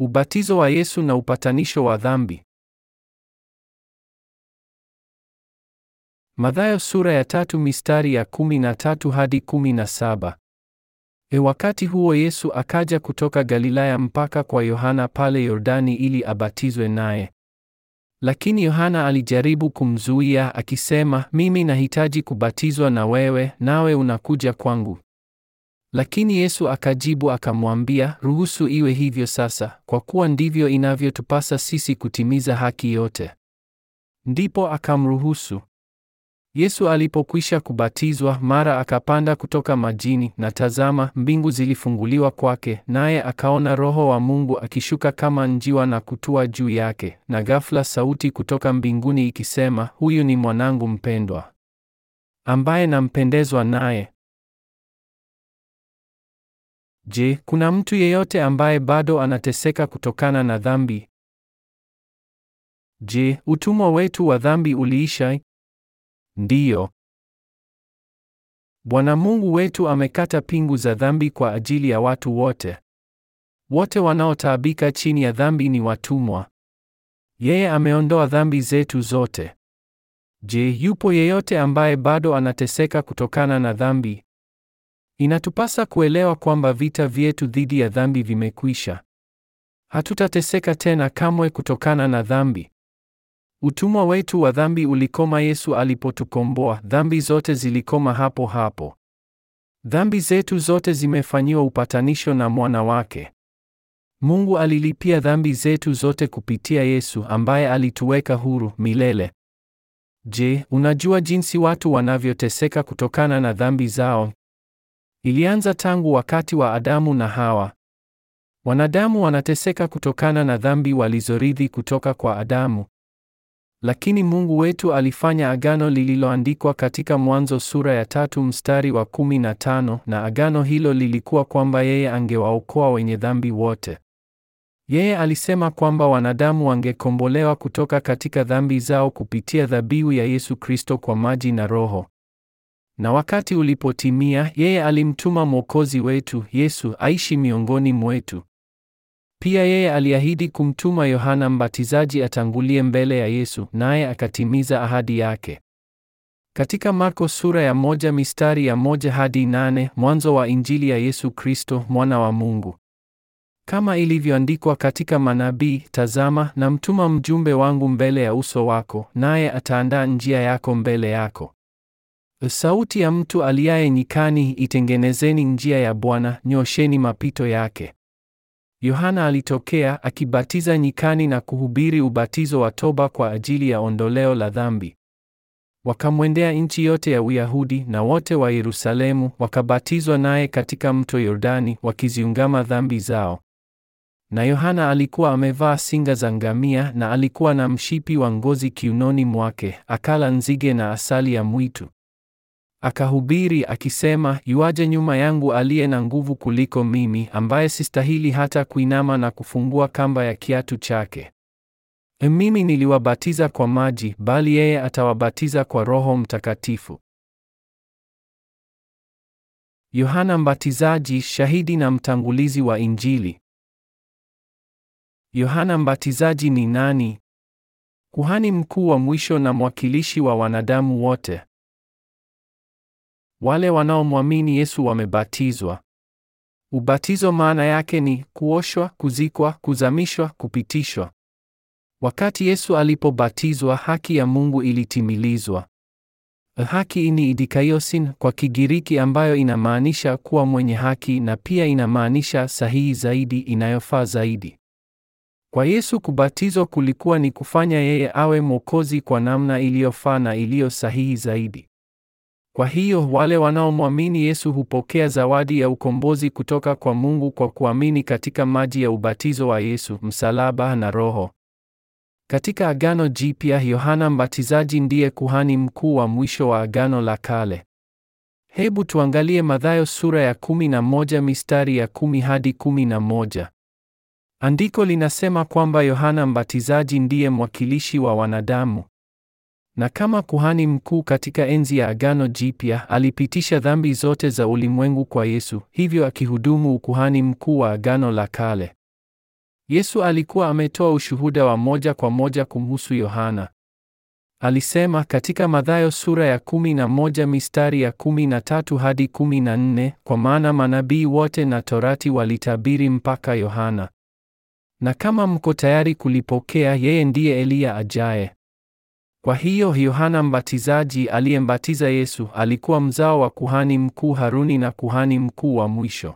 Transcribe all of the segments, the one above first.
Ubatizo wa Yesu na upatanisho wa dhambi. Mathayo sura ya tatu mistari ya kumi na tatu hadi kumi na saba. E, wakati huo Yesu akaja kutoka Galilaya mpaka kwa Yohana pale Yordani ili abatizwe naye. Lakini Yohana alijaribu kumzuia akisema, mimi nahitaji kubatizwa na wewe, nawe unakuja kwangu. Lakini Yesu akajibu akamwambia, ruhusu iwe hivyo sasa, kwa kuwa ndivyo inavyotupasa sisi kutimiza haki yote. Ndipo akamruhusu. Yesu alipokwisha kubatizwa, mara akapanda kutoka majini, na tazama, mbingu zilifunguliwa kwake, naye akaona Roho wa Mungu akishuka kama njiwa na kutua juu yake, na ghafla sauti kutoka mbinguni ikisema, huyu ni mwanangu mpendwa, ambaye nampendezwa naye. Je, kuna mtu yeyote ambaye bado anateseka kutokana na dhambi? Je, utumwa wetu wa dhambi uliisha? Ndiyo. Bwana Mungu wetu amekata pingu za dhambi kwa ajili ya watu wote. Wote wanaotaabika chini ya dhambi ni watumwa. Yeye ameondoa dhambi zetu zote. Je, yupo yeyote ambaye bado anateseka kutokana na dhambi? Inatupasa kuelewa kwamba vita vyetu dhidi ya dhambi vimekwisha. Hatutateseka tena kamwe kutokana na dhambi. Utumwa wetu wa dhambi ulikoma Yesu alipotukomboa. Dhambi zote zilikoma hapo hapo. Dhambi zetu zote zimefanyiwa upatanisho na mwana wake. Mungu alilipia dhambi zetu zote kupitia Yesu ambaye alituweka huru milele. Je, unajua jinsi watu wanavyoteseka kutokana na dhambi zao? ilianza tangu wakati wa Adamu na Hawa. Wanadamu wanateseka kutokana na dhambi walizorithi kutoka kwa Adamu. Lakini Mungu wetu alifanya agano lililoandikwa katika Mwanzo sura ya tatu mstari wa kumi na tano na agano hilo lilikuwa kwamba yeye angewaokoa wenye dhambi wote. Yeye alisema kwamba wanadamu wangekombolewa kutoka katika dhambi zao kupitia dhabihu ya Yesu Kristo kwa maji na Roho. Na wakati ulipotimia, yeye alimtuma Mwokozi wetu Yesu aishi miongoni mwetu. Pia yeye aliahidi kumtuma Yohana Mbatizaji atangulie mbele ya Yesu, naye akatimiza ahadi yake. Katika Marko sura ya moja mistari ya moja hadi nane, mwanzo wa Injili ya Yesu Kristo mwana wa Mungu. Kama ilivyoandikwa katika manabii, tazama, namtuma mjumbe wangu mbele ya uso wako, naye ataandaa njia yako mbele yako sauti ya mtu aliaye nyikani, itengenezeni njia ya Bwana, nyosheni mapito yake. Yohana alitokea akibatiza nyikani na kuhubiri ubatizo wa toba kwa ajili ya ondoleo la dhambi. Wakamwendea nchi yote ya Uyahudi na wote wa Yerusalemu, wakabatizwa naye katika mto Yordani, wakiziungama dhambi zao. Na Yohana alikuwa amevaa singa za ngamia na alikuwa na mshipi wa ngozi kiunoni mwake, akala nzige na asali ya mwitu. Akahubiri akisema, yuaje nyuma yangu aliye na nguvu kuliko mimi, ambaye sistahili hata kuinama na kufungua kamba ya kiatu chake? Mimi niliwabatiza kwa maji, bali yeye atawabatiza kwa Roho Mtakatifu. Yohana Mbatizaji, shahidi na mtangulizi wa Injili. Yohana Mbatizaji ni nani? Kuhani mkuu wa mwisho na mwakilishi wa wanadamu wote. Wale wanaomwamini Yesu wamebatizwa. Ubatizo maana yake ni kuoshwa, kuzikwa, kuzamishwa, kupitishwa. Wakati Yesu alipobatizwa, haki ya Mungu ilitimilizwa. Haki ni idikaiosin kwa Kigiriki, ambayo inamaanisha kuwa mwenye haki na pia inamaanisha sahihi zaidi, inayofaa zaidi. Kwa Yesu kubatizwa kulikuwa ni kufanya yeye awe mwokozi kwa namna iliyofaa na iliyo sahihi zaidi. Kwa hiyo wale wanaomwamini Yesu hupokea zawadi ya ukombozi kutoka kwa Mungu kwa kuamini katika maji ya ubatizo wa Yesu, msalaba na Roho. Katika Agano Jipya, Yohana Mbatizaji ndiye kuhani mkuu wa mwisho wa Agano la Kale. Hebu tuangalie Mathayo sura ya 11 mistari ya 10 hadi 11. Andiko linasema kwamba Yohana Mbatizaji ndiye mwakilishi wa wanadamu. Na kama kuhani mkuu katika enzi ya Agano Jipya, alipitisha dhambi zote za ulimwengu kwa Yesu, hivyo akihudumu ukuhani mkuu wa Agano la Kale. Yesu alikuwa ametoa ushuhuda wa moja kwa moja kumhusu Yohana. Alisema katika Mathayo sura ya 11 mistari ya 13 hadi 14, kwa maana manabii wote na Torati walitabiri mpaka Yohana. Na kama mko tayari kulipokea, yeye ndiye Eliya ajaye. Kwa hiyo Yohana Mbatizaji aliyembatiza Yesu alikuwa mzao wa kuhani mkuu Haruni na kuhani mkuu wa mwisho.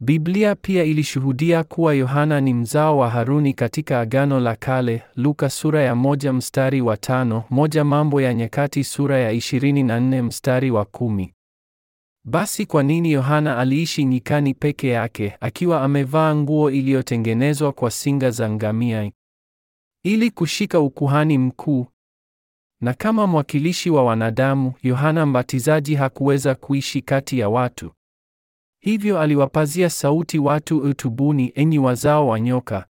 Biblia pia ilishuhudia kuwa Yohana ni mzao wa Haruni katika Agano la Kale, Luka sura ya moja mstari wa tano, moja Mambo ya Nyakati sura ya 24 mstari wa kumi. Basi kwa nini Yohana aliishi nyikani peke yake akiwa amevaa nguo iliyotengenezwa kwa singa za ngamia? Ili kushika ukuhani mkuu, na kama mwakilishi wa wanadamu, Yohana Mbatizaji hakuweza kuishi kati ya watu. Hivyo aliwapazia sauti watu, utubuni enyi wazao wa nyoka,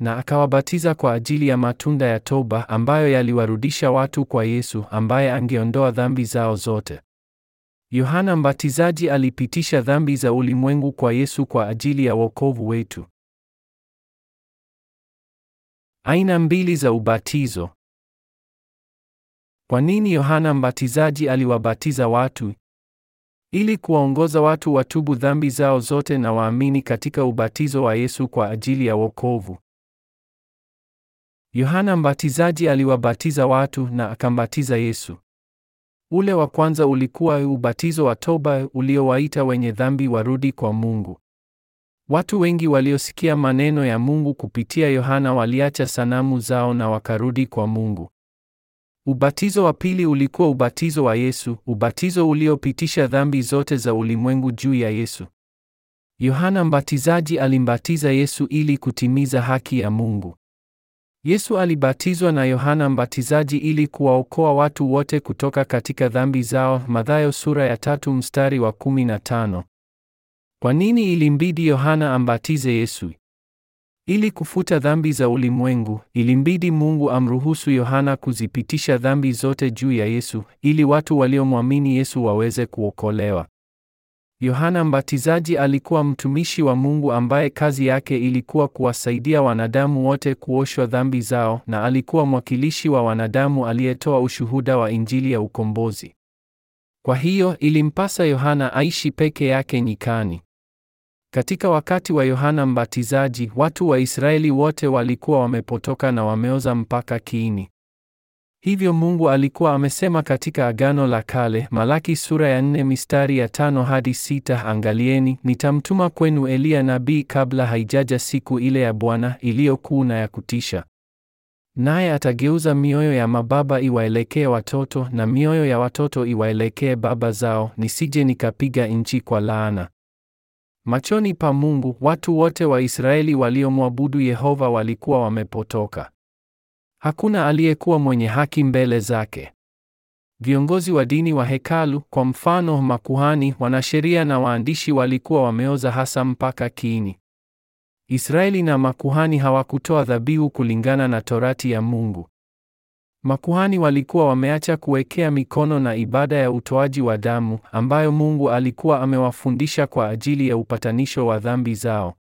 na akawabatiza kwa ajili ya matunda ya toba ambayo yaliwarudisha watu kwa Yesu ambaye angeondoa dhambi zao zote. Yohana Mbatizaji alipitisha dhambi za ulimwengu kwa Yesu kwa ajili ya wokovu wetu. Aina mbili za ubatizo. Kwa nini Yohana Mbatizaji aliwabatiza watu? Ili kuwaongoza watu watubu dhambi zao zote na waamini katika ubatizo wa Yesu kwa ajili ya wokovu. Yohana Mbatizaji aliwabatiza watu na akambatiza Yesu. Ule wa kwanza ulikuwa ubatizo wa toba uliowaita wenye dhambi warudi kwa Mungu. Watu wengi waliosikia maneno ya Mungu kupitia Yohana waliacha sanamu zao na wakarudi kwa Mungu. Ubatizo wa pili ulikuwa ubatizo wa Yesu, ubatizo uliopitisha dhambi zote za ulimwengu juu ya Yesu. Yohana Mbatizaji alimbatiza Yesu ili kutimiza haki ya Mungu. Yesu alibatizwa na Yohana Mbatizaji ili kuwaokoa watu wote kutoka katika dhambi zao, Mathayo sura ya tatu mstari wa 15. Kwa nini ilimbidi Yohana ambatize Yesu? Ili kufuta dhambi za ulimwengu, ilimbidi Mungu amruhusu Yohana kuzipitisha dhambi zote juu ya Yesu ili watu waliomwamini Yesu waweze kuokolewa. Yohana Mbatizaji alikuwa mtumishi wa Mungu ambaye kazi yake ilikuwa kuwasaidia wanadamu wote kuoshwa dhambi zao na alikuwa mwakilishi wa wanadamu aliyetoa ushuhuda wa Injili ya ukombozi. Kwa hiyo ilimpasa Yohana aishi peke yake nyikani. Katika wakati wa Yohana Mbatizaji, watu wa Israeli wote walikuwa wamepotoka na wameoza mpaka kiini. Hivyo Mungu alikuwa amesema katika Agano la Kale, Malaki sura ya nne mistari ya tano hadi sita, angalieni, nitamtuma kwenu Eliya nabii kabla haijaja siku ile ya Bwana iliyokuu na ya kutisha. Naye atageuza mioyo ya mababa iwaelekee watoto na mioyo ya watoto iwaelekee baba zao, nisije nikapiga nchi kwa laana. Machoni pa Mungu, watu wote wa Israeli waliomwabudu Yehova walikuwa wamepotoka. Hakuna aliyekuwa mwenye haki mbele zake. Viongozi wa dini wa hekalu, kwa mfano makuhani, wanasheria na waandishi, walikuwa wameoza hasa mpaka kiini. Israeli na makuhani hawakutoa dhabihu kulingana na torati ya Mungu. Makuhani walikuwa wameacha kuwekea mikono na ibada ya utoaji wa damu ambayo Mungu alikuwa amewafundisha kwa ajili ya upatanisho wa dhambi zao.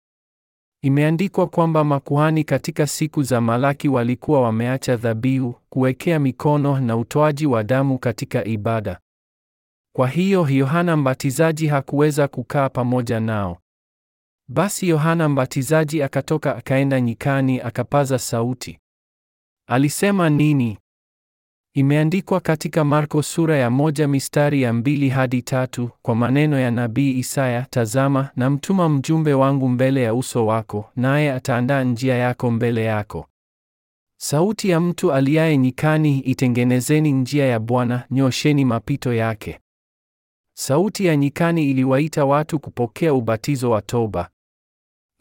Imeandikwa kwamba makuhani katika siku za Malaki walikuwa wameacha dhabihu, kuwekea mikono na utoaji wa damu katika ibada. Kwa hiyo Yohana Mbatizaji hakuweza kukaa pamoja nao. Basi Yohana Mbatizaji akatoka akaenda nyikani akapaza sauti. Alisema nini? Imeandikwa katika Marko sura ya moja mistari ya mbili hadi tatu kwa maneno ya nabii Isaya, tazama, namtuma mjumbe wangu mbele ya uso wako, naye ataandaa njia yako mbele yako. Sauti ya mtu aliaye nyikani, itengenezeni njia ya Bwana, nyosheni mapito yake. Sauti ya nyikani iliwaita watu kupokea ubatizo wa toba.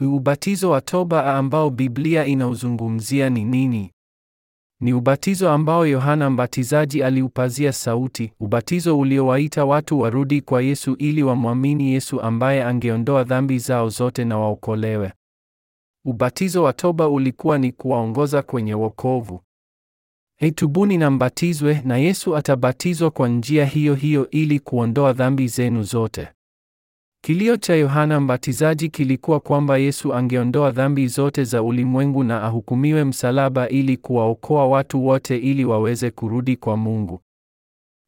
Ubatizo wa toba ambao Biblia inauzungumzia ni nini? Ni ubatizo ambao Yohana Mbatizaji aliupazia sauti, ubatizo uliowaita watu warudi kwa Yesu ili wamwamini Yesu ambaye angeondoa dhambi zao zote na waokolewe. Ubatizo wa toba ulikuwa ni kuwaongoza kwenye wokovu. Tubuni na mbatizwe, na Yesu atabatizwa kwa njia hiyo hiyo ili kuondoa dhambi zenu zote. Kilio cha Yohana Mbatizaji kilikuwa kwamba Yesu angeondoa dhambi zote za ulimwengu na ahukumiwe msalaba ili kuwaokoa watu wote ili waweze kurudi kwa Mungu.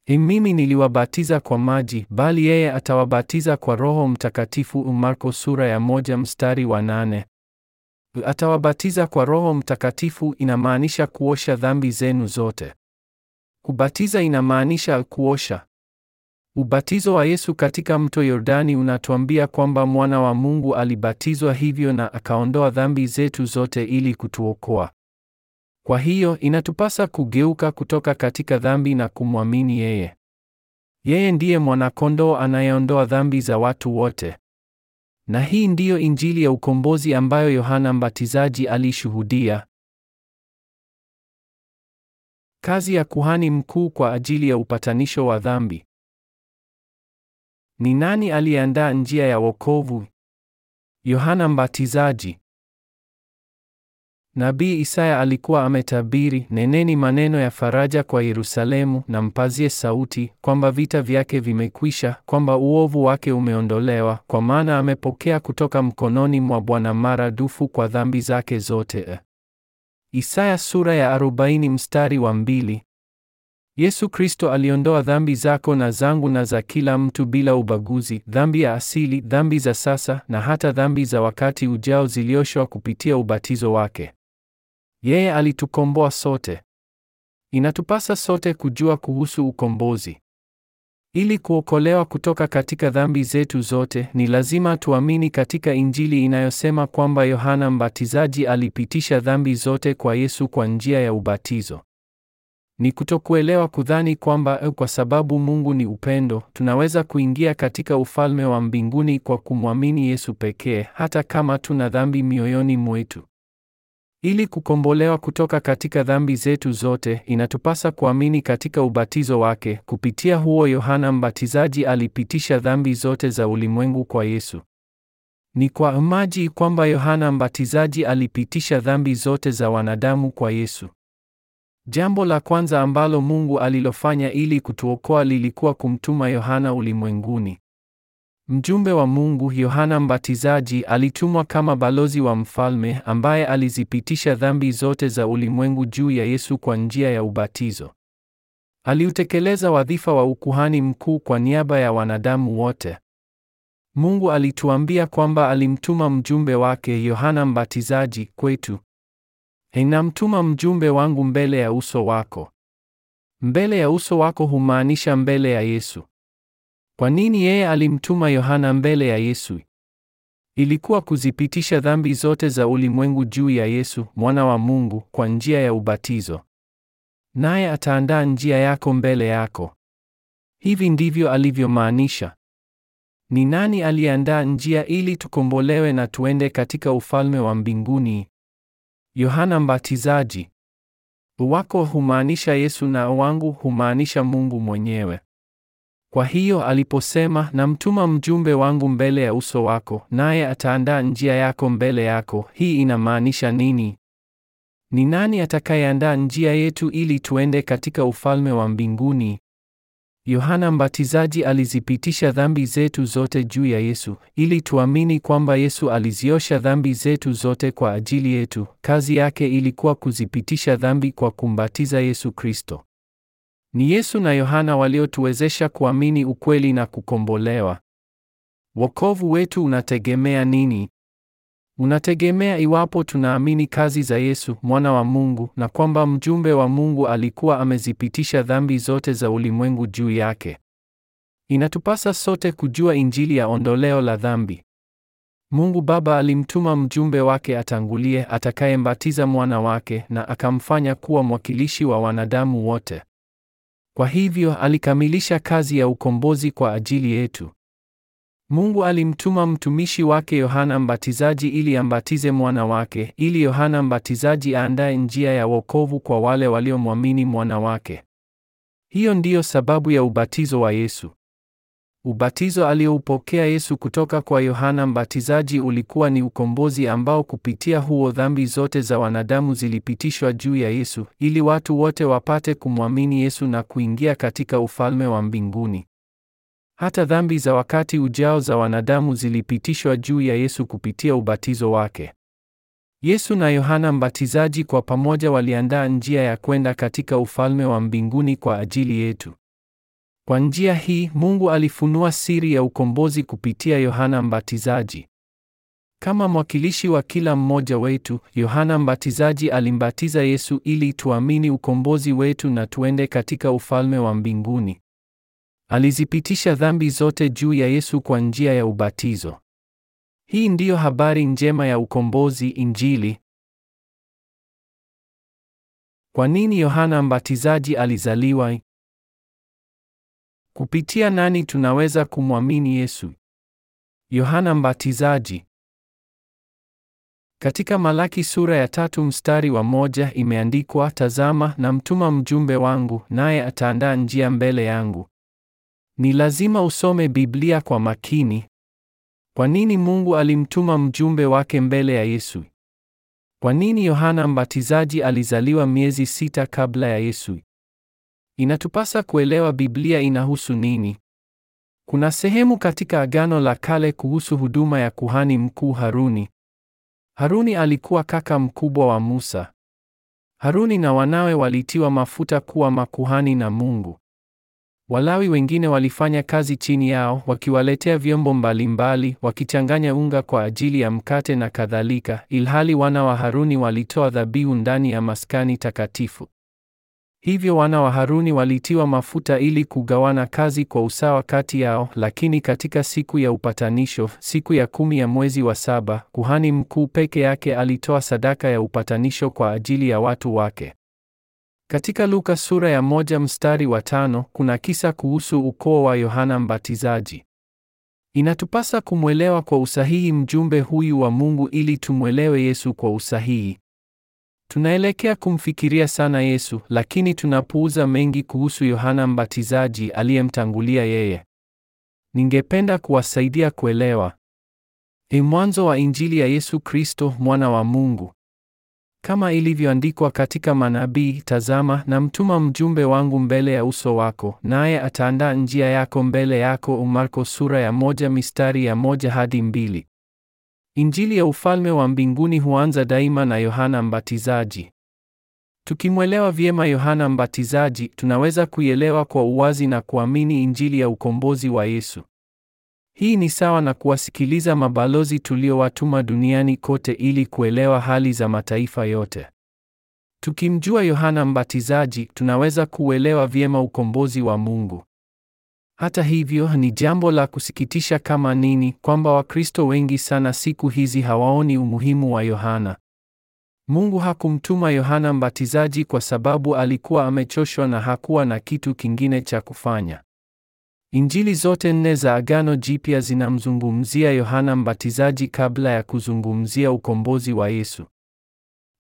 Mimi niliwabatiza kwa maji, bali yeye atawabatiza kwa Roho Mtakatifu. Marko sura ya moja mstari wa nane. Atawabatiza kwa Roho Mtakatifu inamaanisha kuosha dhambi zenu zote. Kubatiza inamaanisha kuosha. Ubatizo wa Yesu katika mto Yordani unatuambia kwamba mwana wa Mungu alibatizwa hivyo na akaondoa dhambi zetu zote ili kutuokoa. Kwa hiyo inatupasa kugeuka kutoka katika dhambi na kumwamini yeye. Yeye ndiye mwanakondoo anayeondoa dhambi za watu wote. Na hii ndiyo injili ya ukombozi ambayo Yohana Mbatizaji alishuhudia. Kazi ya kuhani mkuu kwa ajili ya upatanisho wa dhambi. Ni nani aliyeandaa njia ya wokovu? Yohana Mbatizaji. Nabii Isaya alikuwa ametabiri, neneni maneno ya faraja kwa Yerusalemu na mpazie sauti kwamba vita vyake vimekwisha, kwamba uovu wake umeondolewa, kwa maana amepokea kutoka mkononi mwa Bwana maradufu kwa dhambi zake zote. Isaya sura ya 40 mstari wa mbili. Yesu Kristo aliondoa dhambi zako na zangu na za kila mtu bila ubaguzi, dhambi ya asili, dhambi za sasa na hata dhambi za wakati ujao zilioshwa kupitia ubatizo wake. Yeye alitukomboa sote. Inatupasa sote kujua kuhusu ukombozi. Ili kuokolewa kutoka katika dhambi zetu zote, ni lazima tuamini katika Injili inayosema kwamba Yohana Mbatizaji alipitisha dhambi zote kwa Yesu kwa njia ya ubatizo. Ni kutokuelewa kudhani kwamba eh, kwa sababu Mungu ni upendo, tunaweza kuingia katika ufalme wa mbinguni kwa kumwamini Yesu pekee, hata kama tuna dhambi mioyoni mwetu. Ili kukombolewa kutoka katika dhambi zetu zote, inatupasa kuamini katika ubatizo wake. Kupitia huo, Yohana Mbatizaji alipitisha dhambi zote za ulimwengu kwa Yesu. Ni kwa maji kwamba Yohana Mbatizaji alipitisha dhambi zote za wanadamu kwa Yesu. Jambo la kwanza ambalo Mungu alilofanya ili kutuokoa lilikuwa kumtuma Yohana ulimwenguni. Mjumbe wa Mungu Yohana Mbatizaji alitumwa kama balozi wa mfalme ambaye alizipitisha dhambi zote za ulimwengu juu ya Yesu kwa njia ya ubatizo. Aliutekeleza wadhifa wa ukuhani mkuu kwa niaba ya wanadamu wote. Mungu alituambia kwamba alimtuma mjumbe wake Yohana Mbatizaji kwetu Ninamtuma mjumbe wangu mbele ya uso wako. Mbele ya uso wako humaanisha mbele ya Yesu. Kwa nini yeye alimtuma Yohana mbele ya Yesu? Ilikuwa kuzipitisha dhambi zote za ulimwengu juu ya Yesu, mwana wa Mungu, kwa njia ya ubatizo. Naye ataandaa njia yako mbele yako. Hivi ndivyo alivyomaanisha. Ni nani aliandaa njia ili tukombolewe na tuende katika ufalme wa mbinguni? Yohana Mbatizaji. Wako humaanisha Yesu na wangu humaanisha Mungu mwenyewe. Kwa hiyo aliposema, namtuma mjumbe wangu mbele ya uso wako, naye ataandaa njia yako mbele yako, hii inamaanisha nini? Ni nani atakayeandaa njia yetu ili tuende katika ufalme wa mbinguni? Yohana Mbatizaji alizipitisha dhambi zetu zote juu ya Yesu, ili tuamini kwamba Yesu aliziosha dhambi zetu zote kwa ajili yetu. Kazi yake ilikuwa kuzipitisha dhambi kwa kumbatiza Yesu Kristo. Ni Yesu na Yohana waliotuwezesha kuamini ukweli na kukombolewa. Wokovu wetu unategemea nini? unategemea iwapo tunaamini kazi za Yesu mwana wa Mungu na kwamba mjumbe wa Mungu alikuwa amezipitisha dhambi zote za ulimwengu juu yake. Inatupasa sote kujua injili ya ondoleo la dhambi. Mungu Baba alimtuma mjumbe wake atangulie atakayembatiza mwana wake na akamfanya kuwa mwakilishi wa wanadamu wote. Kwa hivyo alikamilisha kazi ya ukombozi kwa ajili yetu. Mungu alimtuma mtumishi wake Yohana Mbatizaji ili ambatize mwana wake, ili Yohana Mbatizaji aandae njia ya wokovu kwa wale waliomwamini mwana wake. Hiyo ndiyo sababu ya ubatizo wa Yesu. Ubatizo alioupokea Yesu kutoka kwa Yohana Mbatizaji ulikuwa ni ukombozi ambao kupitia huo dhambi zote za wanadamu zilipitishwa juu ya Yesu ili watu wote wapate kumwamini Yesu na kuingia katika ufalme wa mbinguni. Hata dhambi za wakati ujao za wanadamu zilipitishwa juu ya Yesu kupitia ubatizo wake. Yesu na Yohana Mbatizaji kwa pamoja waliandaa njia ya kwenda katika ufalme wa mbinguni kwa ajili yetu. Kwa njia hii, Mungu alifunua siri ya ukombozi kupitia Yohana Mbatizaji. Kama mwakilishi wa kila mmoja wetu, Yohana Mbatizaji alimbatiza Yesu ili tuamini ukombozi wetu na tuende katika ufalme wa mbinguni. Alizipitisha dhambi zote juu ya Yesu kwa njia ya ubatizo. Hii ndiyo habari njema ya ukombozi, Injili. Kwa nini Yohana Mbatizaji alizaliwa? Kupitia nani tunaweza kumwamini Yesu? Yohana Mbatizaji. Katika Malaki sura ya tatu mstari wa moja imeandikwa, Tazama, namtuma mjumbe wangu, naye ataandaa njia mbele yangu. Ni lazima usome Biblia kwa makini. Kwa nini Mungu alimtuma mjumbe wake mbele ya Yesu? Kwa nini Yohana Mbatizaji alizaliwa miezi sita kabla ya Yesu? Inatupasa kuelewa Biblia inahusu nini. Kuna sehemu katika Agano la Kale kuhusu huduma ya kuhani mkuu Haruni. Haruni alikuwa kaka mkubwa wa Musa. Haruni na wanawe walitiwa mafuta kuwa makuhani na Mungu. Walawi wengine walifanya kazi chini yao, wakiwaletea vyombo mbalimbali, wakichanganya unga kwa ajili ya mkate na kadhalika, ilhali wana wa Haruni walitoa dhabihu ndani ya maskani takatifu. Hivyo wana wa Haruni walitiwa mafuta ili kugawana kazi kwa usawa kati yao, lakini katika siku ya upatanisho, siku ya kumi ya mwezi wa saba, kuhani mkuu peke yake alitoa sadaka ya upatanisho kwa ajili ya watu wake. Katika Luka sura ya moja mstari wa tano kuna kisa kuhusu ukoo wa Yohana Mbatizaji. Inatupasa kumwelewa kwa usahihi mjumbe huyu wa Mungu ili tumwelewe Yesu kwa usahihi. Tunaelekea kumfikiria sana Yesu, lakini tunapuuza mengi kuhusu Yohana Mbatizaji aliyemtangulia yeye. Ningependa kuwasaidia kuelewa. Ni e mwanzo wa Injili ya Yesu Kristo, mwana wa Mungu. Kama ilivyoandikwa katika manabii, tazama, namtuma mjumbe wangu mbele ya uso wako, naye ataandaa njia yako mbele yako. umarko sura ya moja mistari ya moja hadi mbili. Injili ya ufalme wa mbinguni huanza daima na Yohana Mbatizaji. Tukimwelewa vyema Yohana Mbatizaji, tunaweza kuielewa kwa uwazi na kuamini injili ya ukombozi wa Yesu. Hii ni sawa na kuwasikiliza mabalozi tuliowatuma duniani kote ili kuelewa hali za mataifa yote. Tukimjua Yohana Mbatizaji, tunaweza kuuelewa vyema ukombozi wa Mungu. Hata hivyo, ni jambo la kusikitisha kama nini kwamba Wakristo wengi sana siku hizi hawaoni umuhimu wa Yohana. Mungu hakumtuma Yohana Mbatizaji kwa sababu alikuwa amechoshwa na hakuwa na kitu kingine cha kufanya. Injili zote nne za Agano Jipya zinamzungumzia Yohana Mbatizaji kabla ya kuzungumzia ukombozi wa Yesu.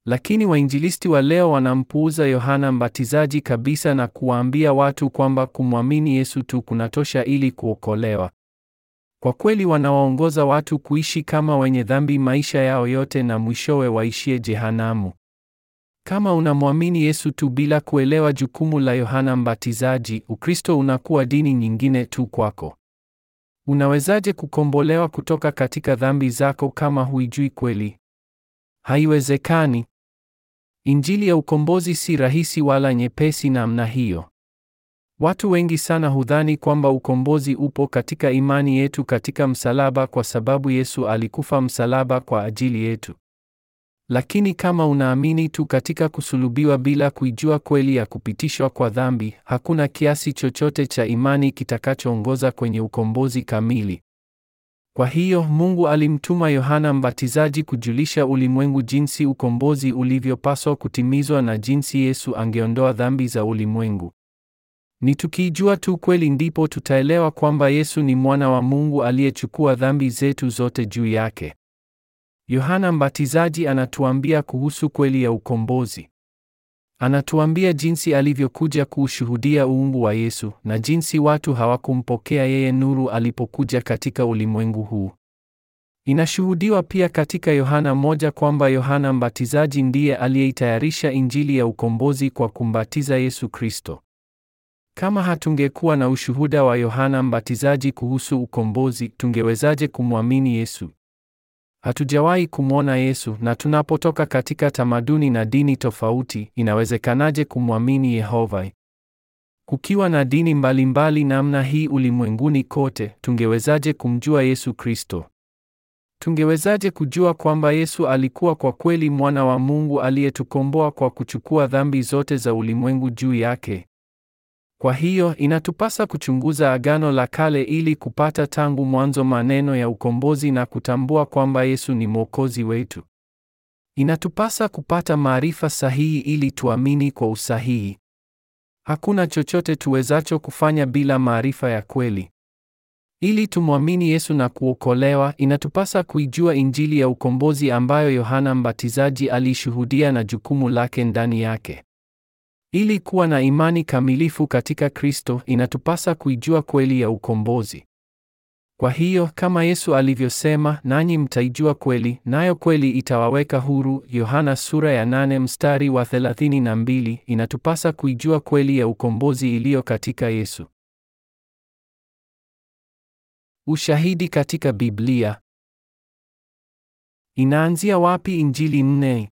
Lakini wainjilisti wa leo wanampuuza Yohana Mbatizaji kabisa na kuwaambia watu kwamba kumwamini Yesu tu kunatosha ili kuokolewa. Kwa kweli wanawaongoza watu kuishi kama wenye dhambi maisha yao yote na mwishowe waishie jehanamu. Kama unamwamini Yesu tu bila kuelewa jukumu la Yohana Mbatizaji, Ukristo unakuwa dini nyingine tu kwako. Unawezaje kukombolewa kutoka katika dhambi zako kama huijui kweli? Haiwezekani. Injili ya ukombozi si rahisi wala nyepesi namna hiyo. Watu wengi sana hudhani kwamba ukombozi upo katika imani yetu katika msalaba kwa sababu Yesu alikufa msalaba kwa ajili yetu. Lakini kama unaamini tu katika kusulubiwa bila kuijua kweli ya kupitishwa kwa dhambi, hakuna kiasi chochote cha imani kitakachoongoza kwenye ukombozi kamili. Kwa hiyo Mungu alimtuma Yohana Mbatizaji kujulisha ulimwengu jinsi ukombozi ulivyopaswa kutimizwa na jinsi Yesu angeondoa dhambi za ulimwengu. Ni tukijua tu kweli ndipo tutaelewa kwamba Yesu ni mwana wa Mungu aliyechukua dhambi zetu zote juu yake. Yohana Mbatizaji anatuambia kuhusu kweli ya ukombozi. Anatuambia jinsi alivyokuja kuushuhudia uungu wa Yesu na jinsi watu hawakumpokea yeye nuru alipokuja katika ulimwengu huu. Inashuhudiwa pia katika Yohana moja kwamba Yohana Mbatizaji ndiye aliyeitayarisha Injili ya ukombozi kwa kumbatiza Yesu Kristo. Kama hatungekuwa na ushuhuda wa Yohana Mbatizaji kuhusu ukombozi, tungewezaje kumwamini Yesu? Hatujawahi kumwona Yesu na tunapotoka katika tamaduni na dini tofauti, inawezekanaje kumwamini Yehova? Kukiwa na dini mbalimbali namna hii ulimwenguni kote, tungewezaje kumjua Yesu Kristo? Tungewezaje kujua kwamba Yesu alikuwa kwa kweli mwana wa Mungu aliyetukomboa kwa kuchukua dhambi zote za ulimwengu juu yake? Kwa hiyo inatupasa kuchunguza Agano la Kale ili kupata tangu mwanzo maneno ya ukombozi na kutambua kwamba Yesu ni Mwokozi wetu. Inatupasa kupata maarifa sahihi ili tuamini kwa usahihi. Hakuna chochote tuwezacho kufanya bila maarifa ya kweli. Ili tumwamini Yesu na kuokolewa, inatupasa kuijua Injili ya ukombozi ambayo Yohana Mbatizaji alishuhudia na jukumu lake ndani yake. Ili kuwa na imani kamilifu katika Kristo, inatupasa kuijua kweli ya ukombozi. Kwa hiyo, kama Yesu alivyosema, nanyi mtaijua kweli, nayo kweli itawaweka huru, Yohana sura ya 8 mstari wa 32, inatupasa kuijua kweli ya ukombozi iliyo katika Yesu. Ushahidi katika Biblia. Inaanzia wapi Injili nne?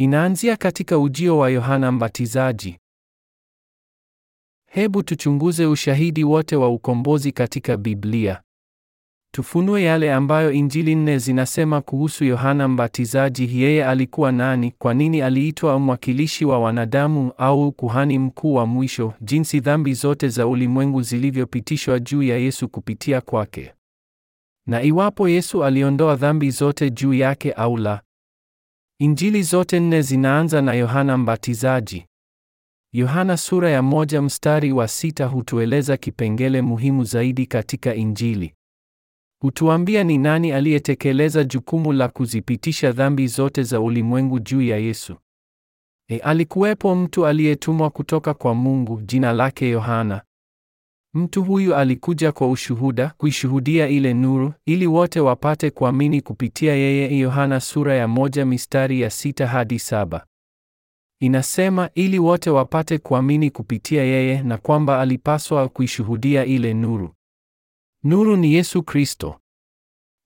Inaanzia katika ujio wa Yohana Mbatizaji. Hebu tuchunguze ushahidi wote wa ukombozi katika Biblia. Tufunue yale ambayo Injili nne zinasema kuhusu Yohana Mbatizaji. Yeye alikuwa nani? Kwa nini aliitwa mwakilishi wa wanadamu au kuhani mkuu wa mwisho? Jinsi dhambi zote za ulimwengu zilivyopitishwa juu ya Yesu kupitia kwake, na iwapo Yesu aliondoa dhambi zote juu yake au la. Injili zote nne zinaanza na Yohana Mbatizaji. Yohana sura ya moja mstari wa sita hutueleza kipengele muhimu zaidi katika Injili. Hutuambia ni nani aliyetekeleza jukumu la kuzipitisha dhambi zote za ulimwengu juu ya Yesu. E, alikuwepo mtu aliyetumwa kutoka kwa Mungu, jina lake Yohana. Mtu huyu alikuja kwa ushuhuda, kuishuhudia ile nuru, ili wote wapate kuamini kupitia yeye. Yohana sura ya moja mistari ya sita hadi saba. Inasema ili wote wapate kuamini kupitia yeye na kwamba alipaswa kuishuhudia ile nuru. Nuru ni Yesu Kristo.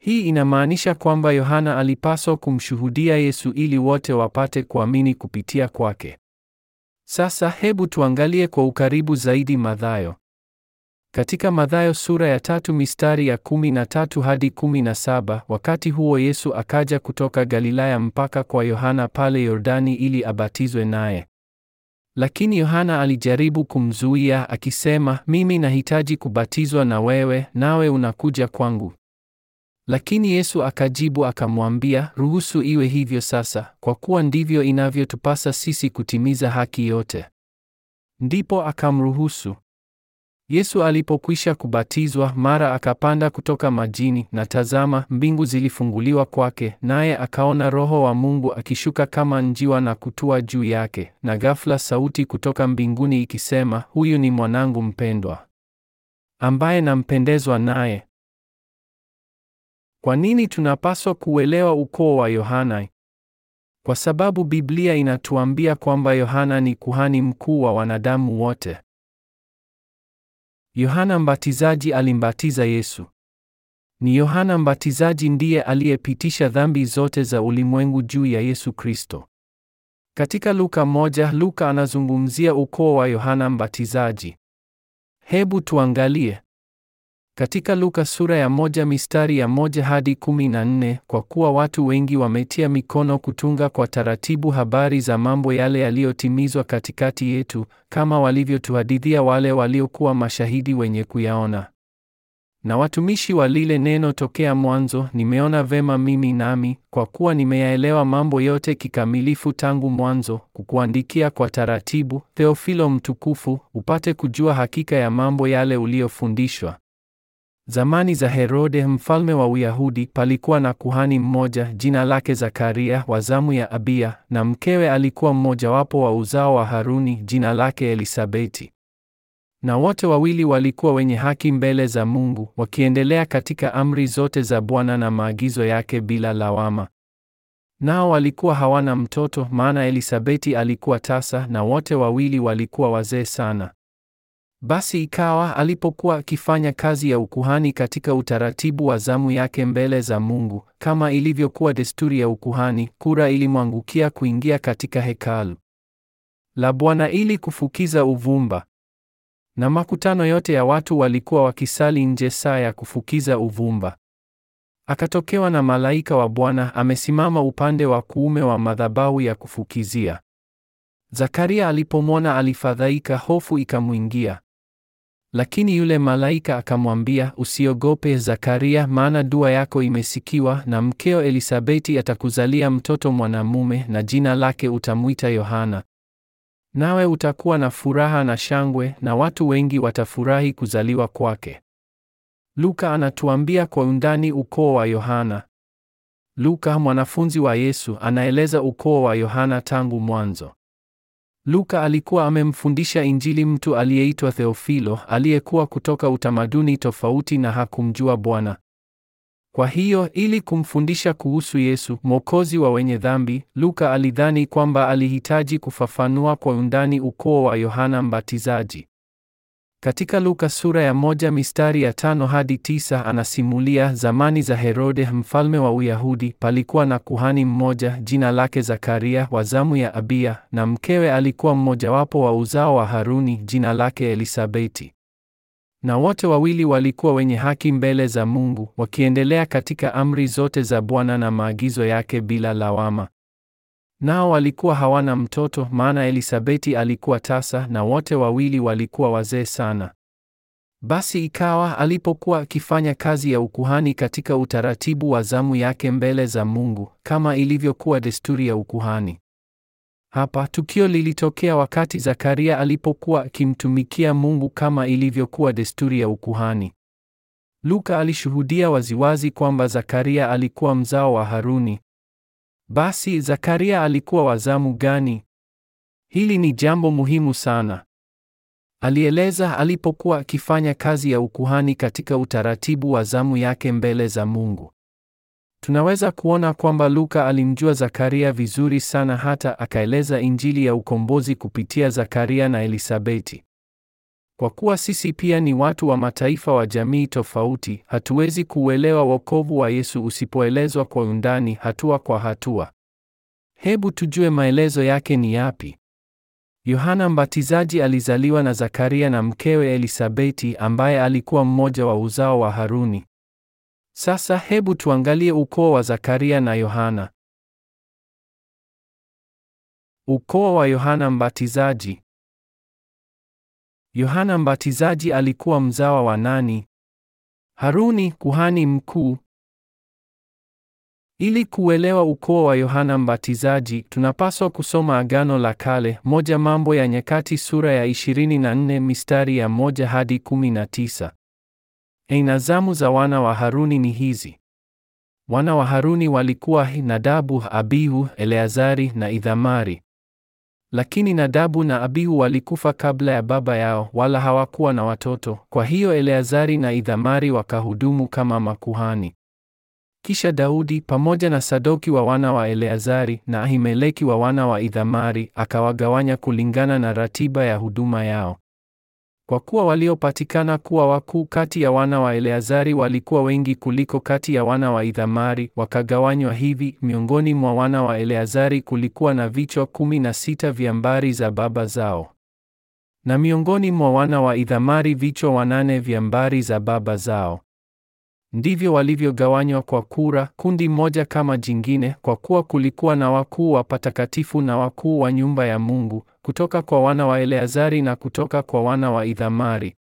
Hii inamaanisha kwamba Yohana alipaswa kumshuhudia Yesu ili wote wapate kuamini kupitia kwake. Sasa hebu tuangalie kwa ukaribu zaidi Mathayo. Katika Mathayo sura ya tatu mistari ya kumi na tatu hadi kumi na saba wakati huo Yesu akaja kutoka Galilaya mpaka kwa Yohana pale Yordani ili abatizwe naye. Lakini Yohana alijaribu kumzuia akisema, mimi nahitaji kubatizwa na wewe, nawe unakuja kwangu? Lakini Yesu akajibu akamwambia, ruhusu iwe hivyo sasa, kwa kuwa ndivyo inavyotupasa sisi kutimiza haki yote. Ndipo akamruhusu. Yesu alipokwisha kubatizwa, mara akapanda kutoka majini, na tazama, mbingu zilifunguliwa kwake, naye akaona Roho wa Mungu akishuka kama njiwa na kutua juu yake, na ghafla sauti kutoka mbinguni ikisema, huyu ni mwanangu mpendwa, ambaye nampendezwa naye. Kwa nini tunapaswa kuelewa ukoo wa Yohana? Kwa sababu Biblia inatuambia kwamba Yohana ni kuhani mkuu wa wanadamu wote. Yohana Mbatizaji alimbatiza Yesu. Ni Yohana Mbatizaji ndiye aliyepitisha dhambi zote za ulimwengu juu ya Yesu Kristo. Katika Luka moja, Luka anazungumzia ukoo wa Yohana Mbatizaji. Hebu tuangalie. Katika Luka sura ya moja mistari ya moja hadi kumi na nne, kwa kuwa watu wengi wametia mikono kutunga kwa taratibu habari za mambo yale yaliyotimizwa katikati yetu, kama walivyotuhadithia wale waliokuwa mashahidi wenye kuyaona. Na watumishi wa lile neno tokea mwanzo, nimeona vema mimi nami, kwa kuwa nimeyaelewa mambo yote kikamilifu tangu mwanzo, kukuandikia kwa taratibu, Theofilo mtukufu, upate kujua hakika ya mambo yale uliyofundishwa Zamani za Herode mfalme wa Uyahudi, palikuwa na kuhani mmoja jina lake Zakaria wa zamu ya Abiya, na mkewe alikuwa mmojawapo wa uzao wa Haruni jina lake Elisabeti. Na wote wawili walikuwa wenye haki mbele za Mungu, wakiendelea katika amri zote za Bwana na maagizo yake bila lawama. Nao walikuwa hawana mtoto, maana Elisabeti alikuwa tasa na wote wawili walikuwa wazee sana. Basi ikawa alipokuwa akifanya kazi ya ukuhani katika utaratibu wa zamu yake mbele za Mungu, kama ilivyokuwa desturi ya ukuhani, kura ilimwangukia kuingia katika hekalu la Bwana ili kufukiza uvumba. Na makutano yote ya watu walikuwa wakisali nje saa ya kufukiza uvumba. Akatokewa na malaika wa Bwana amesimama upande wa kuume wa madhabahu ya kufukizia. Zakaria alipomwona alifadhaika, hofu ikamwingia. Lakini yule malaika akamwambia, usiogope Zakaria, maana dua yako imesikiwa, na mkeo Elisabeti atakuzalia mtoto mwanamume, na jina lake utamwita Yohana. Nawe utakuwa na furaha na shangwe, na watu wengi watafurahi kuzaliwa kwake. Luka anatuambia kwa undani ukoo wa Yohana. Luka, mwanafunzi wa Yesu, anaeleza ukoo wa Yohana tangu mwanzo. Luka alikuwa amemfundisha Injili mtu aliyeitwa Theofilo aliyekuwa kutoka utamaduni tofauti na hakumjua Bwana. Kwa hiyo ili kumfundisha kuhusu Yesu, Mwokozi wa wenye dhambi, Luka alidhani kwamba alihitaji kufafanua kwa undani ukoo wa Yohana Mbatizaji. Katika Luka sura ya moja mistari ya tano hadi tisa anasimulia zamani za Herode mfalme wa Uyahudi, palikuwa na kuhani mmoja jina lake Zakaria wa zamu ya Abiya, na mkewe alikuwa mmojawapo wa uzao wa Haruni jina lake Elisabeti. Na wote wawili walikuwa wenye haki mbele za Mungu, wakiendelea katika amri zote za Bwana na maagizo yake bila lawama. Nao walikuwa hawana mtoto, maana Elisabeti alikuwa tasa na wote wawili walikuwa wazee sana. Basi ikawa alipokuwa akifanya kazi ya ukuhani katika utaratibu wa zamu yake mbele za Mungu, kama ilivyokuwa desturi ya ukuhani. Hapa tukio lilitokea wakati Zakaria alipokuwa akimtumikia Mungu kama ilivyokuwa desturi ya ukuhani. Luka alishuhudia waziwazi kwamba Zakaria alikuwa mzao wa Haruni, basi Zakaria alikuwa wa zamu gani? Hili ni jambo muhimu sana. Alieleza alipokuwa akifanya kazi ya ukuhani katika utaratibu wa zamu yake mbele za Mungu. Tunaweza kuona kwamba Luka alimjua Zakaria vizuri sana hata akaeleza Injili ya ukombozi kupitia Zakaria na Elisabeti. Kwa kuwa sisi pia ni watu wa mataifa wa jamii tofauti, hatuwezi kuuelewa wokovu wa Yesu usipoelezwa kwa undani, hatua kwa hatua. Hebu tujue maelezo yake ni yapi. Yohana Mbatizaji alizaliwa na Zakaria na mkewe Elisabeti ambaye alikuwa mmoja wa uzao wa Haruni. Sasa hebu tuangalie ukoo wa Zakaria na Yohana. Ukoo wa Yohana Mbatizaji. Yohana Mbatizaji alikuwa mzawa wa nani? Haruni kuhani mkuu. Ili kuelewa ukoo wa Yohana Mbatizaji, tunapaswa kusoma Agano la Kale, moja Mambo ya Nyakati sura ya 24 mistari ya moja hadi 19. Aina zamu za wana wa Haruni ni hizi. Wana wa Haruni walikuwa Nadabu, Abihu, Eleazari na Ithamari. Lakini Nadabu na Abihu walikufa kabla ya baba yao, wala hawakuwa na watoto. Kwa hiyo Eleazari na Ithamari wakahudumu kama makuhani. Kisha Daudi pamoja na Sadoki wa wana wa Eleazari na Ahimeleki wa wana wa Ithamari akawagawanya kulingana na ratiba ya huduma yao. Kwa kuwa waliopatikana kuwa wakuu kati ya wana wa Eleazari walikuwa wengi kuliko kati ya wana wa Ithamari, wakagawanywa hivi: miongoni mwa wana wa Eleazari kulikuwa na vichwa kumi na sita vya mbari za baba zao, na miongoni mwa wana wa Ithamari vichwa wanane vya mbari za baba zao. Ndivyo walivyogawanywa kwa kura, kundi moja kama jingine, kwa kuwa kulikuwa na wakuu wa patakatifu na wakuu wa nyumba ya Mungu, kutoka kwa wana wa Eleazari na kutoka kwa wana wa Ithamari.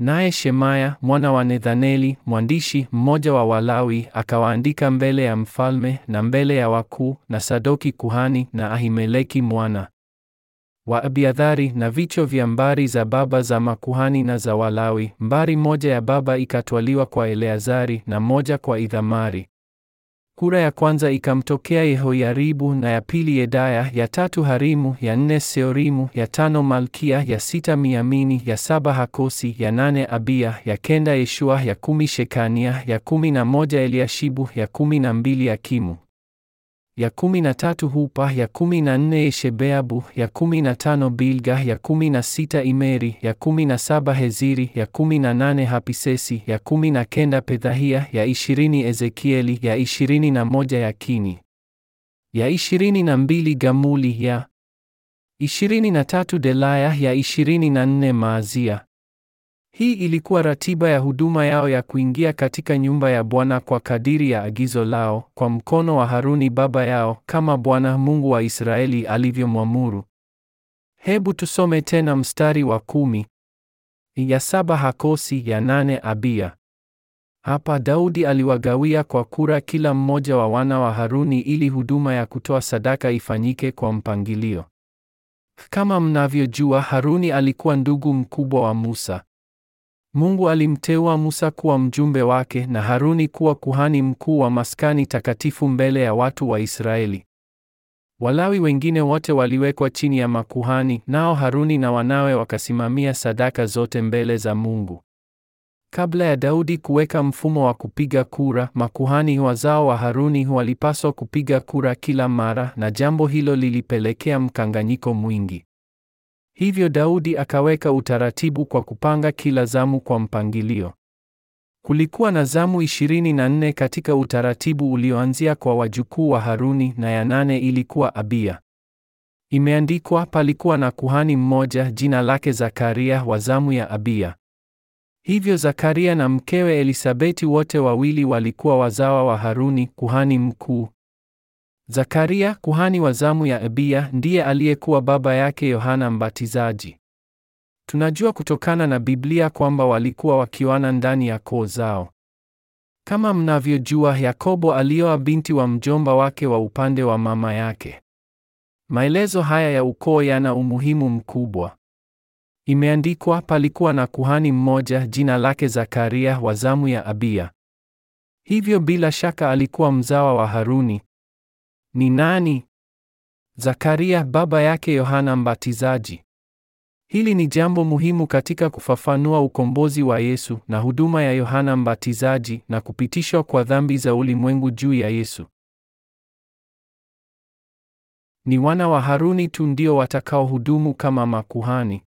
Naye Shemaya mwana wa Nethaneli, mwandishi mmoja wa Walawi, akawaandika mbele ya mfalme na mbele ya wakuu na Sadoki kuhani na Ahimeleki mwana wa Abiadhari na vicho vya mbari za baba za makuhani na za Walawi, mbari moja ya baba ikatwaliwa kwa Eleazari na moja kwa Ithamari. Kura ya kwanza ikamtokea Yehoyaribu, na ya pili Yedaya, ya tatu Harimu, ya nne Seorimu, ya tano Malkia, ya sita Miamini, ya saba Hakosi, ya nane abia ya kenda Yeshua, ya kumi Shekania, ya kumi na moja Eliashibu, ya kumi na mbili Akimu ya kumi na tatu Hupa, ya kumi na nne Yeshebeabu, ya kumi na tano Bilga, ya kumi na sita Imeri, ya kumi na saba Heziri, ya kumi na nane Hapisesi, ya kumi na kenda Pedhahia, ya ishirini Ezekieli, ya ishirini na moja Yakini, ya ishirini na mbili Gamuli, ya ishirini na tatu Delaya, ya ishirini na nne Maazia. Hii ilikuwa ratiba ya huduma yao ya kuingia katika nyumba ya Bwana kwa kadiri ya agizo lao kwa mkono wa Haruni baba yao, kama Bwana Mungu wa Israeli alivyomwamuru. Hebu tusome tena mstari wa kumi. Ya saba Hakosi, ya nane Abia. Hapa Daudi aliwagawia kwa kura kila mmoja wa wana wa Haruni ili huduma ya kutoa sadaka ifanyike kwa mpangilio. Kama mnavyojua, Haruni alikuwa ndugu mkubwa wa Musa. Mungu alimteua Musa kuwa mjumbe wake na Haruni kuwa kuhani mkuu wa maskani takatifu mbele ya watu wa Israeli. Walawi wengine wote waliwekwa chini ya makuhani, nao Haruni na wanawe wakasimamia sadaka zote mbele za Mungu. Kabla ya Daudi kuweka mfumo wa kupiga kura, makuhani wazao wa Haruni walipaswa kupiga kura kila mara, na jambo hilo lilipelekea mkanganyiko mwingi. Hivyo Daudi akaweka utaratibu kwa kupanga kila zamu kwa mpangilio. Kulikuwa na zamu 24 katika utaratibu ulioanzia kwa wajukuu wa Haruni na ya nane ilikuwa Abiya. Imeandikwa palikuwa na kuhani mmoja jina lake Zakaria wa zamu ya Abiya. Hivyo Zakaria na mkewe Elisabeti wote wawili walikuwa wazawa wa Haruni kuhani mkuu, Zakaria kuhani wa zamu ya Abiya ndiye aliyekuwa baba yake Yohana Mbatizaji. Tunajua kutokana na Biblia kwamba walikuwa wakiwana ndani ya koo zao. Kama mnavyojua, Yakobo alioa binti wa mjomba wake wa upande wa mama yake. Maelezo haya ya ukoo yana umuhimu mkubwa. Imeandikwa, palikuwa na kuhani mmoja jina lake Zakaria wa zamu ya Abiya. Hivyo bila shaka alikuwa mzawa wa Haruni, ni nani? Zakaria baba yake Yohana Mbatizaji. Hili ni jambo muhimu katika kufafanua ukombozi wa Yesu na huduma ya Yohana Mbatizaji na kupitishwa kwa dhambi za ulimwengu juu ya Yesu. Ni wana wa Haruni tu ndio watakaohudumu kama makuhani.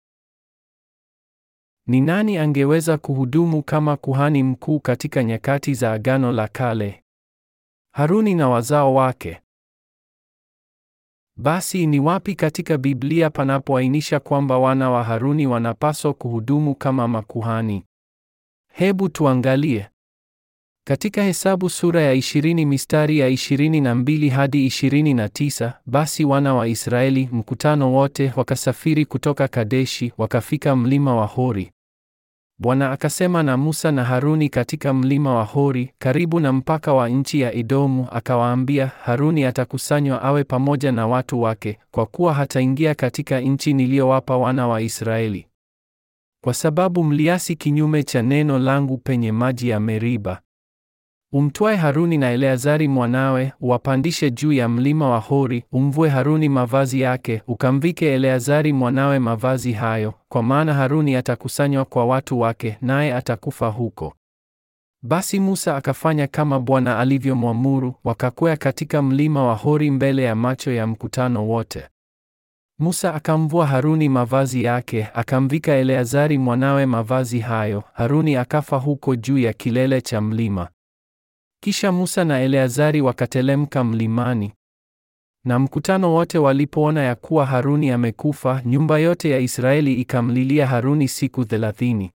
Ni nani angeweza kuhudumu kama kuhani mkuu katika nyakati za Agano la Kale? Haruni na wazao wake. Basi ni wapi katika Biblia panapoainisha kwamba wana wa Haruni wanapaswa kuhudumu kama makuhani? Hebu tuangalie. Katika Hesabu sura ya 20 mistari ya 22 hadi 29, basi wana wa Israeli mkutano wote wakasafiri kutoka Kadeshi wakafika mlima wa Hori. Bwana akasema na Musa na Haruni katika mlima wa Hori karibu na mpaka wa nchi ya Edomu, akawaambia, Haruni atakusanywa awe pamoja na watu wake, kwa kuwa hataingia katika nchi niliyowapa wana wa Israeli, kwa sababu mliasi kinyume cha neno langu penye maji ya Meriba. Umtwae Haruni na Eleazari mwanawe, uwapandishe juu ya mlima wa Hori, umvue Haruni mavazi yake, ukamvike Eleazari mwanawe mavazi hayo, kwa maana Haruni atakusanywa kwa watu wake, naye atakufa huko. Basi Musa akafanya kama Bwana alivyomwamuru, wakakwea katika mlima wa Hori mbele ya macho ya mkutano wote. Musa akamvua Haruni mavazi yake, akamvika Eleazari mwanawe mavazi hayo. Haruni akafa huko juu ya kilele cha mlima. Kisha Musa na Eleazari wakatelemka mlimani. Na mkutano wote walipoona ya kuwa Haruni amekufa, nyumba yote ya Israeli ikamlilia Haruni siku thelathini.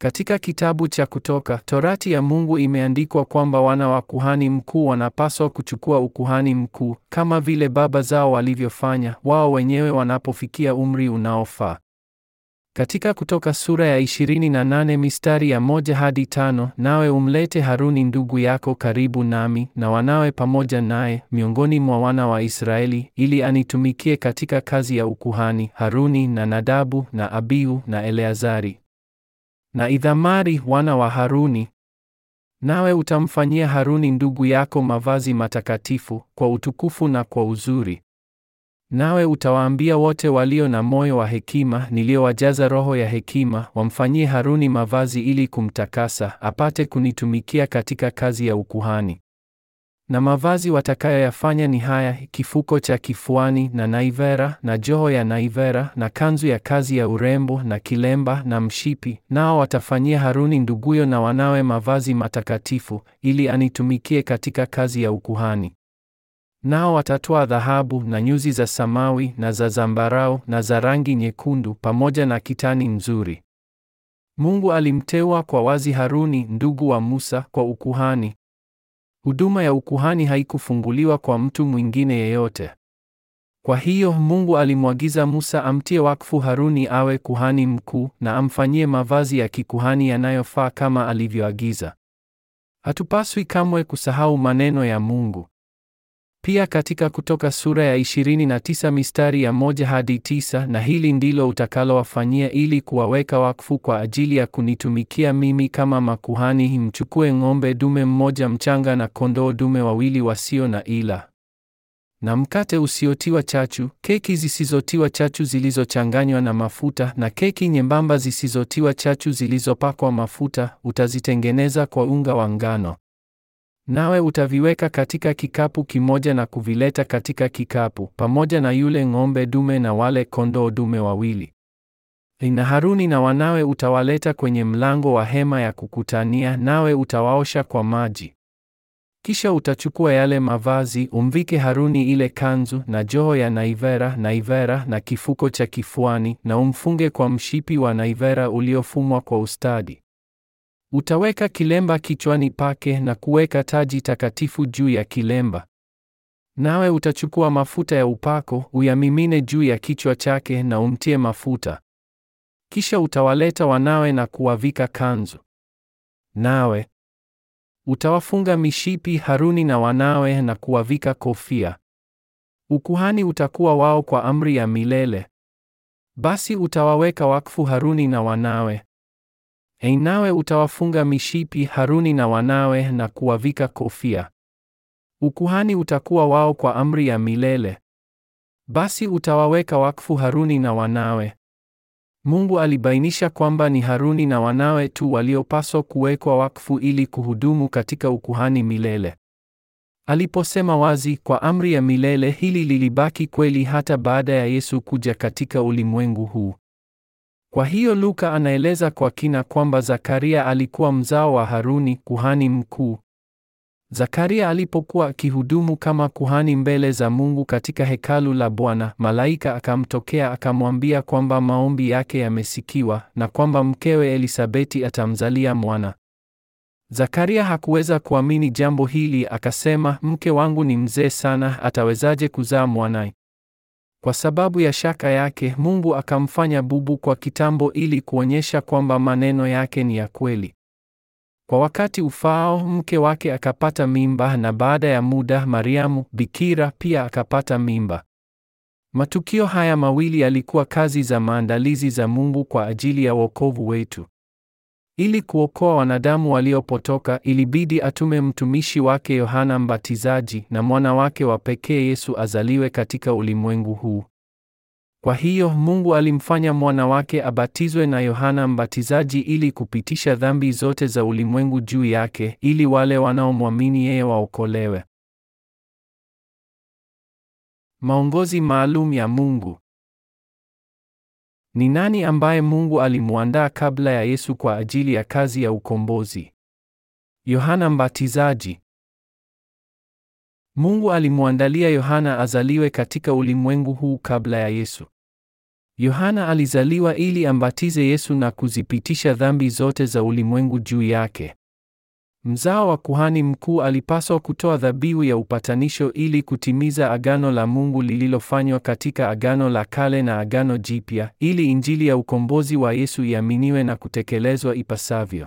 Katika kitabu cha Kutoka, Torati ya Mungu imeandikwa kwamba wana wa kuhani mkuu wanapaswa kuchukua ukuhani mkuu kama vile baba zao walivyofanya, wao wenyewe wanapofikia umri unaofaa. Katika Kutoka sura ya 28 mistari ya moja hadi tano, nawe umlete Haruni ndugu yako karibu nami na wanawe pamoja naye miongoni mwa wana wa Israeli, ili anitumikie katika kazi ya ukuhani, Haruni na Nadabu na Abiu na Eleazari na Ithamari wana wa Haruni. Nawe utamfanyia Haruni ndugu yako mavazi matakatifu kwa utukufu na kwa uzuri. Nawe utawaambia wote walio na moyo wa hekima, niliyowajaza roho ya hekima, wamfanyie Haruni mavazi ili kumtakasa, apate kunitumikia katika kazi ya ukuhani. Na mavazi watakayoyafanya ni haya: kifuko cha kifuani na naivera na joho ya naivera na kanzu ya kazi ya urembo na kilemba na mshipi. Nao watafanyia Haruni nduguyo na wanawe mavazi matakatifu, ili anitumikie katika kazi ya ukuhani. Nao watatwaa dhahabu na nyuzi za samawi na za zambarau na za rangi nyekundu pamoja na kitani nzuri. Mungu alimteua kwa wazi Haruni ndugu wa Musa kwa ukuhani. Huduma ya ukuhani haikufunguliwa kwa mtu mwingine yeyote. Kwa hiyo Mungu alimwagiza Musa amtie wakfu Haruni awe kuhani mkuu na amfanyie mavazi ya kikuhani yanayofaa kama alivyoagiza. Hatupaswi kamwe kusahau maneno ya Mungu. Pia katika Kutoka sura ya 29 mistari ya moja hadi tisa, na hili ndilo utakalowafanyia ili kuwaweka wakfu kwa ajili ya kunitumikia mimi kama makuhani, mchukue ng'ombe dume mmoja mchanga na kondoo dume wawili wasio na ila, na mkate usiotiwa chachu, keki zisizotiwa chachu zilizochanganywa na mafuta, na keki nyembamba zisizotiwa chachu zilizopakwa mafuta; utazitengeneza kwa unga wa ngano. Nawe utaviweka katika kikapu kimoja na kuvileta katika kikapu, pamoja na yule ng'ombe dume na wale kondoo dume wawili. Na Haruni na wanawe utawaleta kwenye mlango wa hema ya kukutania, nawe utawaosha kwa maji. Kisha utachukua yale mavazi, umvike Haruni ile kanzu na joho ya naivera naivera na kifuko cha kifuani, na umfunge kwa mshipi wa naivera uliofumwa kwa ustadi. Utaweka kilemba kichwani pake na kuweka taji takatifu juu ya kilemba. Nawe utachukua mafuta ya upako, uyamimine juu ya kichwa chake na umtie mafuta. Kisha utawaleta wanawe na kuwavika kanzu. Nawe utawafunga mishipi Haruni na wanawe na kuwavika kofia. Ukuhani utakuwa wao kwa amri ya milele. Basi utawaweka wakfu Haruni na wanawe nawe utawafunga mishipi Haruni na wanawe na kuwavika kofia. Ukuhani utakuwa wao kwa amri ya milele. Basi utawaweka wakfu Haruni na wanawe. Mungu alibainisha kwamba ni Haruni na wanawe tu waliopaswa kuwekwa wakfu ili kuhudumu katika ukuhani milele. Aliposema wazi kwa amri ya milele, hili lilibaki kweli hata baada ya Yesu kuja katika ulimwengu huu. Kwa hiyo Luka anaeleza kwa kina kwamba Zakaria alikuwa mzao wa Haruni kuhani mkuu. Zakaria alipokuwa akihudumu kama kuhani mbele za Mungu katika hekalu la Bwana, malaika akamtokea akamwambia kwamba maombi yake yamesikiwa na kwamba mkewe Elisabeti atamzalia mwana. Zakaria hakuweza kuamini jambo hili, akasema, mke wangu ni mzee sana, atawezaje kuzaa mwana? Kwa sababu ya shaka yake, Mungu akamfanya bubu kwa kitambo ili kuonyesha kwamba maneno yake ni ya kweli. Kwa wakati ufao mke wake akapata mimba na baada ya muda Mariamu bikira pia akapata mimba. Matukio haya mawili yalikuwa kazi za maandalizi za Mungu kwa ajili ya wokovu wetu. Ili kuokoa wanadamu waliopotoka, ilibidi atume mtumishi wake Yohana Mbatizaji na mwana wake wa pekee Yesu azaliwe katika ulimwengu huu. Kwa hiyo Mungu alimfanya mwana wake abatizwe na Yohana Mbatizaji ili kupitisha dhambi zote za ulimwengu juu yake ili wale wanaomwamini yeye waokolewe. Maongozi maalum ya Mungu. Ni nani ambaye Mungu alimwandaa kabla ya Yesu kwa ajili ya kazi ya ukombozi? Yohana Mbatizaji. Mungu alimwandalia Yohana azaliwe katika ulimwengu huu kabla ya Yesu. Yohana alizaliwa ili ambatize Yesu na kuzipitisha dhambi zote za ulimwengu juu yake. Mzao wa kuhani mkuu alipaswa kutoa dhabihu ya upatanisho ili kutimiza agano la Mungu lililofanywa katika Agano la Kale na Agano Jipya, ili injili ya ukombozi wa Yesu iaminiwe na kutekelezwa ipasavyo.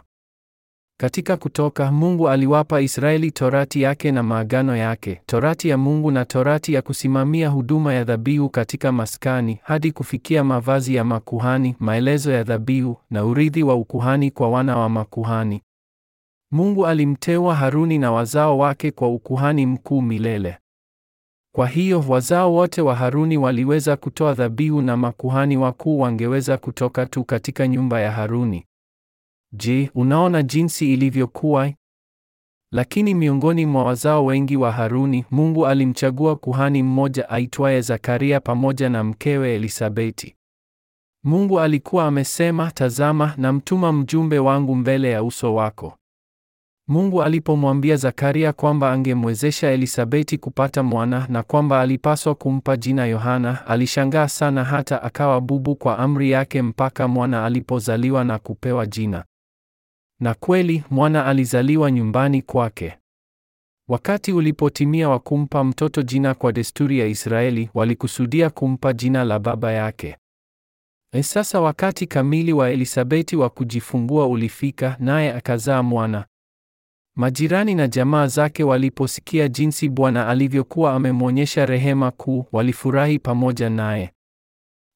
Katika Kutoka, Mungu aliwapa Israeli torati yake na maagano yake, torati ya Mungu na torati ya kusimamia huduma ya dhabihu katika maskani, hadi kufikia mavazi ya makuhani, maelezo ya dhabihu na urithi wa ukuhani kwa wana wa makuhani. Mungu alimteua Haruni na wazao wake kwa ukuhani mkuu milele. Kwa hiyo wazao wote wa Haruni waliweza kutoa dhabihu na makuhani wakuu wangeweza kutoka tu katika nyumba ya Haruni. Je, unaona jinsi ilivyokuwa? Lakini miongoni mwa wazao wengi wa Haruni, Mungu alimchagua kuhani mmoja aitwaye Zakaria pamoja na mkewe Elisabeti. Mungu alikuwa amesema, tazama, namtuma mjumbe wangu mbele ya uso wako Mungu alipomwambia Zakaria kwamba angemwezesha Elisabeti kupata mwana na kwamba alipaswa kumpa jina Yohana, alishangaa sana hata akawa bubu kwa amri yake mpaka mwana alipozaliwa na kupewa jina. Na kweli mwana alizaliwa nyumbani kwake. Wakati ulipotimia wa kumpa mtoto jina kwa desturi ya Israeli, walikusudia kumpa jina la baba yake. E, sasa wakati kamili wa Elisabeti wa kujifungua ulifika, naye akazaa mwana. Majirani na jamaa zake waliposikia jinsi Bwana alivyokuwa amemwonyesha rehema kuu, walifurahi pamoja naye.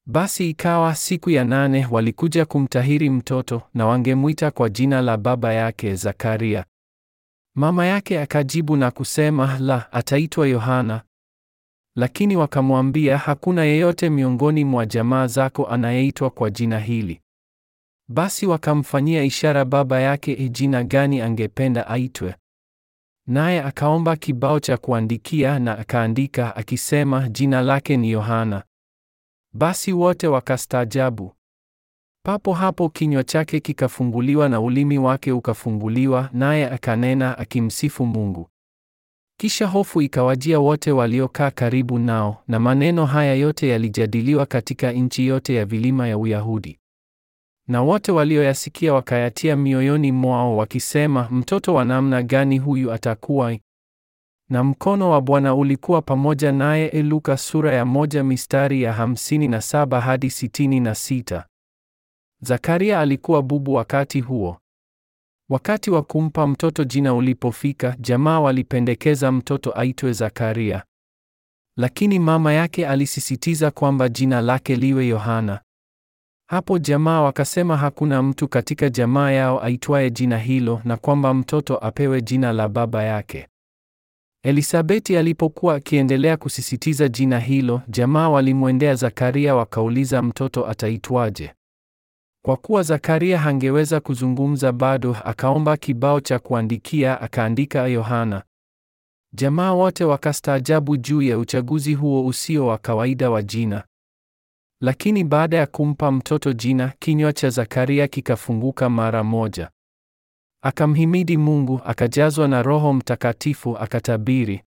Basi ikawa siku ya nane walikuja kumtahiri mtoto na wangemwita kwa jina la baba yake Zakaria. Mama yake akajibu na kusema, la, ataitwa Yohana. Lakini wakamwambia, hakuna yeyote miongoni mwa jamaa zako anayeitwa kwa jina hili. Basi wakamfanyia ishara baba yake e jina gani angependa aitwe. Naye akaomba kibao cha kuandikia na akaandika akisema, jina lake ni Yohana. Basi wote wakastaajabu. Papo hapo kinywa chake kikafunguliwa na ulimi wake ukafunguliwa, naye akanena akimsifu Mungu. Kisha hofu ikawajia wote waliokaa karibu nao, na maneno haya yote yalijadiliwa katika nchi yote ya vilima ya Uyahudi. Na wote walioyasikia wakayatia mioyoni mwao, wakisema, mtoto wa namna gani huyu atakuwa? Na mkono wa Bwana ulikuwa pamoja naye. Luka sura ya moja mistari ya hamsini na saba hadi sitini na sita. Zakaria alikuwa bubu wakati huo. Wakati wa kumpa mtoto jina ulipofika, jamaa walipendekeza mtoto aitwe Zakaria, lakini mama yake alisisitiza kwamba jina lake liwe Yohana. Hapo jamaa wakasema hakuna mtu katika jamaa yao aitwaye jina hilo na kwamba mtoto apewe jina la baba yake. Elisabeti alipokuwa akiendelea kusisitiza jina hilo, jamaa walimwendea Zakaria wakauliza mtoto ataitwaje. Kwa kuwa Zakaria hangeweza kuzungumza bado, akaomba kibao cha kuandikia, akaandika Yohana. Jamaa wote wakastaajabu juu ya uchaguzi huo usio wa kawaida wa jina. Lakini baada ya kumpa mtoto jina, kinywa cha Zakaria kikafunguka mara moja. Akamhimidi Mungu, akajazwa na Roho Mtakatifu, akatabiri.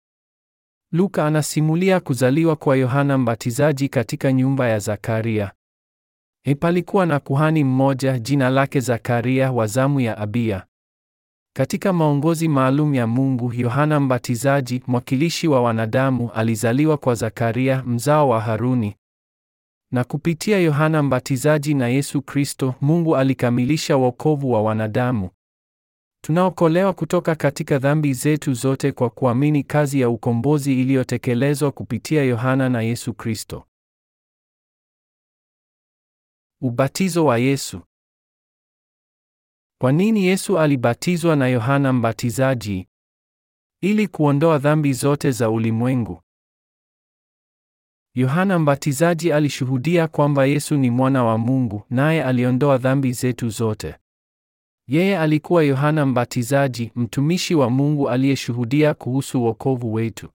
Luka anasimulia kuzaliwa kwa Yohana Mbatizaji katika nyumba ya Zakaria. E, palikuwa na kuhani mmoja jina lake Zakaria wa zamu ya Abiya. Katika maongozi maalum ya Mungu, Yohana Mbatizaji, mwakilishi wa wanadamu, alizaliwa kwa Zakaria, mzao wa Haruni. Na kupitia Yohana Mbatizaji na Yesu Kristo, Mungu alikamilisha wokovu wa wanadamu. Tunaokolewa kutoka katika dhambi zetu zote kwa kuamini kazi ya ukombozi iliyotekelezwa kupitia Yohana na Yesu Kristo. Ubatizo wa Yesu. Kwa nini Yesu alibatizwa na Yohana Mbatizaji? Ili kuondoa dhambi zote za ulimwengu. Yohana Mbatizaji alishuhudia kwamba Yesu ni mwana wa Mungu, naye aliondoa dhambi zetu zote. Yeye alikuwa Yohana Mbatizaji, mtumishi wa Mungu aliyeshuhudia kuhusu wokovu wetu.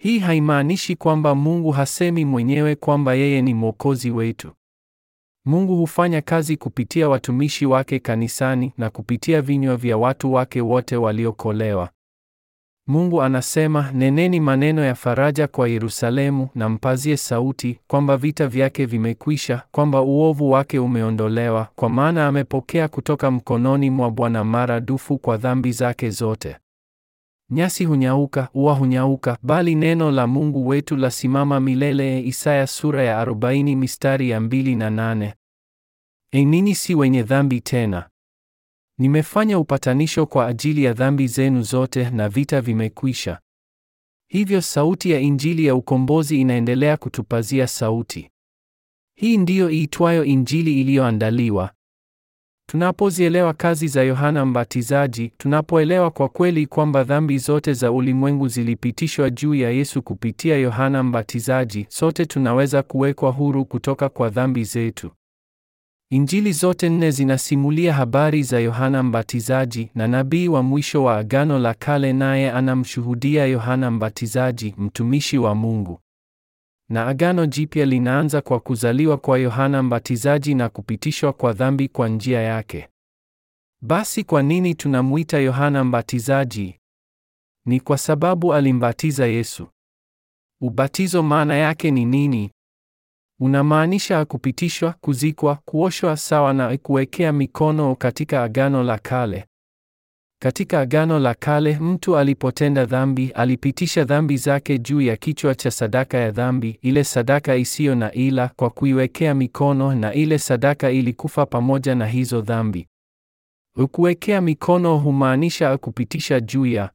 Hii haimaanishi kwamba Mungu hasemi mwenyewe kwamba yeye ni mwokozi wetu. Mungu hufanya kazi kupitia watumishi wake kanisani na kupitia vinywa vya watu wake wote waliokolewa. Mungu anasema, neneni maneno ya faraja kwa Yerusalemu na mpazie sauti kwamba vita vyake vimekwisha, kwamba uovu wake umeondolewa, kwa maana amepokea kutoka mkononi mwa Bwana maradufu kwa dhambi zake zote. Nyasi hunyauka, ua hunyauka, bali neno la Mungu wetu lasimama milele. Isaya sura ya 40 mistari ya 2 na 8. Enini si wenye dhambi tena. Nimefanya upatanisho kwa ajili ya dhambi zenu zote na vita vimekwisha. Hivyo sauti ya Injili ya ukombozi inaendelea kutupazia sauti. Hii ndiyo iitwayo Injili iliyoandaliwa. Tunapozielewa kazi za Yohana Mbatizaji, tunapoelewa kwa kweli kwamba dhambi zote za ulimwengu zilipitishwa juu ya Yesu kupitia Yohana Mbatizaji, sote tunaweza kuwekwa huru kutoka kwa dhambi zetu. Injili zote nne zinasimulia habari za Yohana Mbatizaji na nabii wa mwisho wa Agano la Kale naye anamshuhudia Yohana Mbatizaji, mtumishi wa Mungu. Na Agano Jipya linaanza kwa kuzaliwa kwa Yohana Mbatizaji na kupitishwa kwa dhambi kwa njia yake. Basi kwa nini tunamwita Yohana Mbatizaji? Ni kwa sababu alimbatiza Yesu. Ubatizo maana yake ni nini? unamaanisha kupitishwa, kuzikwa, kuoshwa sawa na kuwekea mikono katika Agano la Kale. Katika Agano la Kale, mtu alipotenda dhambi, alipitisha dhambi zake juu ya kichwa cha sadaka ya dhambi, ile sadaka isiyo na ila, kwa kuiwekea mikono, na ile sadaka ilikufa pamoja na hizo dhambi. Kuwekea mikono humaanisha kupitisha juu ya.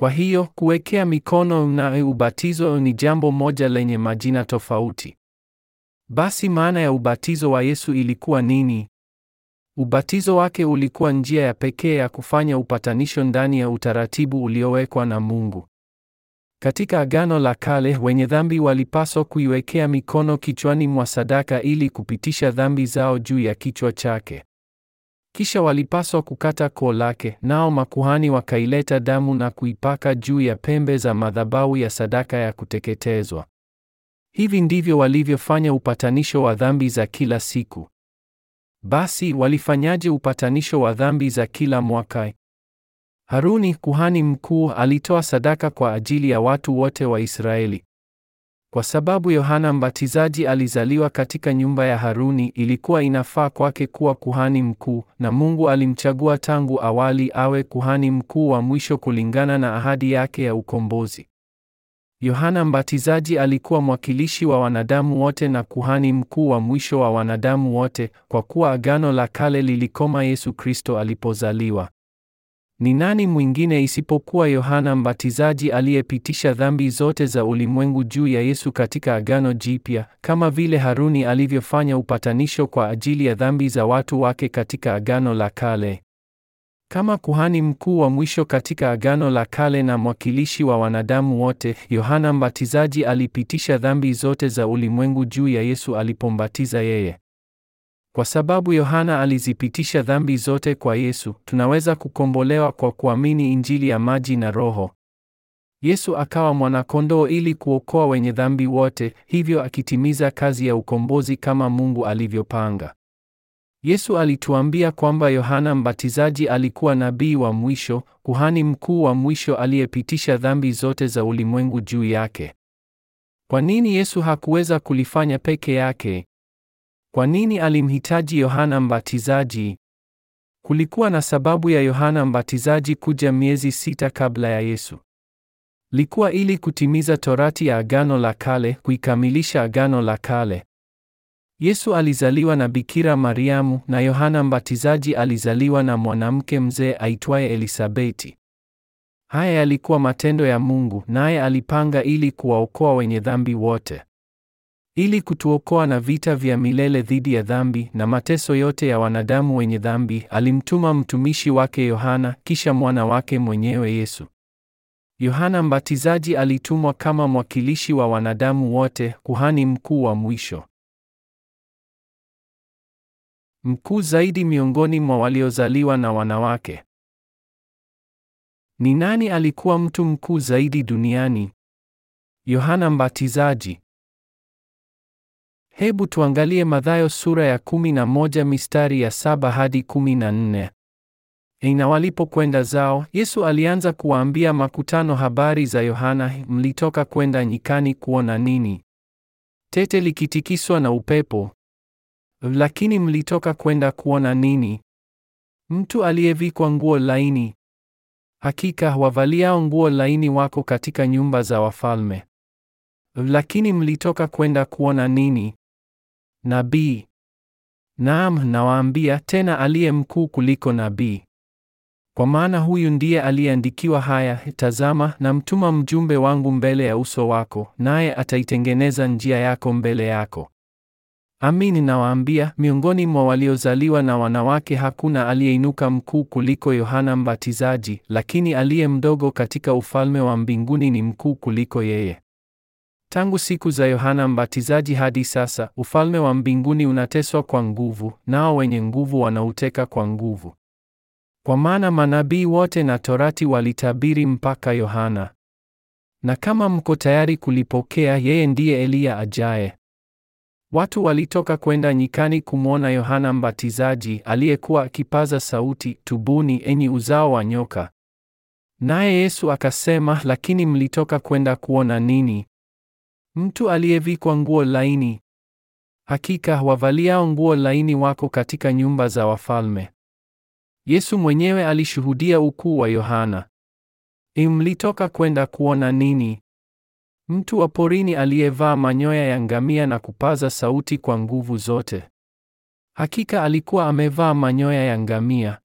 Kwa hiyo kuwekea mikono na ubatizo ni jambo moja lenye majina tofauti. Basi maana ya ubatizo wa Yesu ilikuwa nini? Ubatizo wake ulikuwa njia ya pekee ya kufanya upatanisho ndani ya utaratibu uliowekwa na Mungu. Katika Agano la Kale, wenye dhambi walipaswa kuiwekea mikono kichwani mwa sadaka ili kupitisha dhambi zao juu ya kichwa chake. Kisha walipaswa kukata koo lake, nao makuhani wakaileta damu na kuipaka juu ya pembe za madhabahu ya sadaka ya kuteketezwa. Hivi ndivyo walivyofanya upatanisho wa dhambi za kila siku. Basi walifanyaje upatanisho wa dhambi za kila mwaka? Haruni kuhani mkuu alitoa sadaka kwa ajili ya watu wote wa Israeli. Kwa sababu Yohana Mbatizaji alizaliwa katika nyumba ya Haruni, ilikuwa inafaa kwake kuwa kuhani mkuu, na Mungu alimchagua tangu awali awe kuhani mkuu wa mwisho kulingana na ahadi yake ya ukombozi. Yohana Mbatizaji alikuwa mwakilishi wa wanadamu wote na kuhani mkuu wa mwisho wa wanadamu wote, kwa kuwa Agano la Kale lilikoma Yesu Kristo alipozaliwa. Ni nani mwingine isipokuwa Yohana Mbatizaji aliyepitisha dhambi zote za ulimwengu juu ya Yesu katika Agano Jipya, kama vile Haruni alivyofanya upatanisho kwa ajili ya dhambi za watu wake katika Agano la Kale? Kama kuhani mkuu wa mwisho katika Agano la Kale na mwakilishi wa wanadamu wote, Yohana Mbatizaji alipitisha dhambi zote za ulimwengu juu ya Yesu alipombatiza yeye. Kwa sababu Yohana alizipitisha dhambi zote kwa Yesu, tunaweza kukombolewa kwa kuamini Injili ya maji na Roho. Yesu akawa mwanakondoo ili kuokoa wenye dhambi wote, hivyo akitimiza kazi ya ukombozi kama Mungu alivyopanga. Yesu alituambia kwamba Yohana Mbatizaji alikuwa nabii wa mwisho, kuhani mkuu wa mwisho aliyepitisha dhambi zote za ulimwengu juu yake. Kwa nini Yesu hakuweza kulifanya peke yake? Kwa nini alimhitaji Yohana Mbatizaji? Kulikuwa na sababu ya Yohana Mbatizaji kuja miezi sita kabla ya Yesu. Likuwa ili kutimiza torati ya Agano la Kale, kuikamilisha Agano la Kale. Yesu alizaliwa na Bikira Mariamu na Yohana Mbatizaji alizaliwa na mwanamke mzee aitwaye Elisabeti. Haya yalikuwa matendo ya Mungu naye alipanga ili kuwaokoa wenye dhambi wote. Ili kutuokoa na vita vya milele dhidi ya dhambi na mateso yote ya wanadamu wenye dhambi, alimtuma mtumishi wake Yohana, kisha mwana wake mwenyewe Yesu. Yohana Mbatizaji alitumwa kama mwakilishi wa wanadamu wote, kuhani mkuu wa mwisho mkuu zaidi miongoni mwa waliozaliwa na wanawake. Ni nani alikuwa mtu mkuu zaidi duniani? Yohana Mbatizaji. Hebu tuangalie Mathayo sura ya 11 mistari ya 7 hadi 14. Na walipokwenda zao, Yesu alianza kuwaambia makutano habari za Yohana, mlitoka kwenda nyikani kuona nini? Tete likitikiswa na upepo, lakini mlitoka kwenda kuona nini? Mtu aliyevikwa nguo laini. Hakika wavaliao nguo laini wako katika nyumba za wafalme. Lakini mlitoka kwenda kuona nini? Nabii. Naam, nawaambia tena, aliye mkuu kuliko nabii. Kwa maana huyu ndiye aliyeandikiwa haya: Tazama, namtuma mjumbe wangu mbele ya uso wako, naye ataitengeneza njia yako mbele yako. Amini nawaambia, miongoni mwa waliozaliwa na wanawake hakuna aliyeinuka mkuu kuliko Yohana Mbatizaji, lakini aliye mdogo katika ufalme wa mbinguni ni mkuu kuliko yeye. Tangu siku za Yohana Mbatizaji hadi sasa, ufalme wa mbinguni unateswa kwa nguvu, nao wenye nguvu wanauteka kwa nguvu. Kwa maana manabii wote na Torati walitabiri mpaka Yohana. Na kama mko tayari kulipokea, yeye ndiye Eliya ajaye. Watu walitoka kwenda nyikani kumwona Yohana Mbatizaji aliyekuwa akipaza sauti, tubuni enyi uzao wa nyoka. Naye Yesu akasema, lakini mlitoka kwenda kuona nini? Mtu aliyevikwa nguo laini? Hakika wavaliao nguo laini wako katika nyumba za wafalme. Yesu mwenyewe alishuhudia ukuu wa Yohana. imlitoka kwenda kuona nini? Mtu wa porini aliyevaa manyoya ya ngamia na kupaza sauti kwa nguvu zote. Hakika alikuwa amevaa manyoya ya ngamia.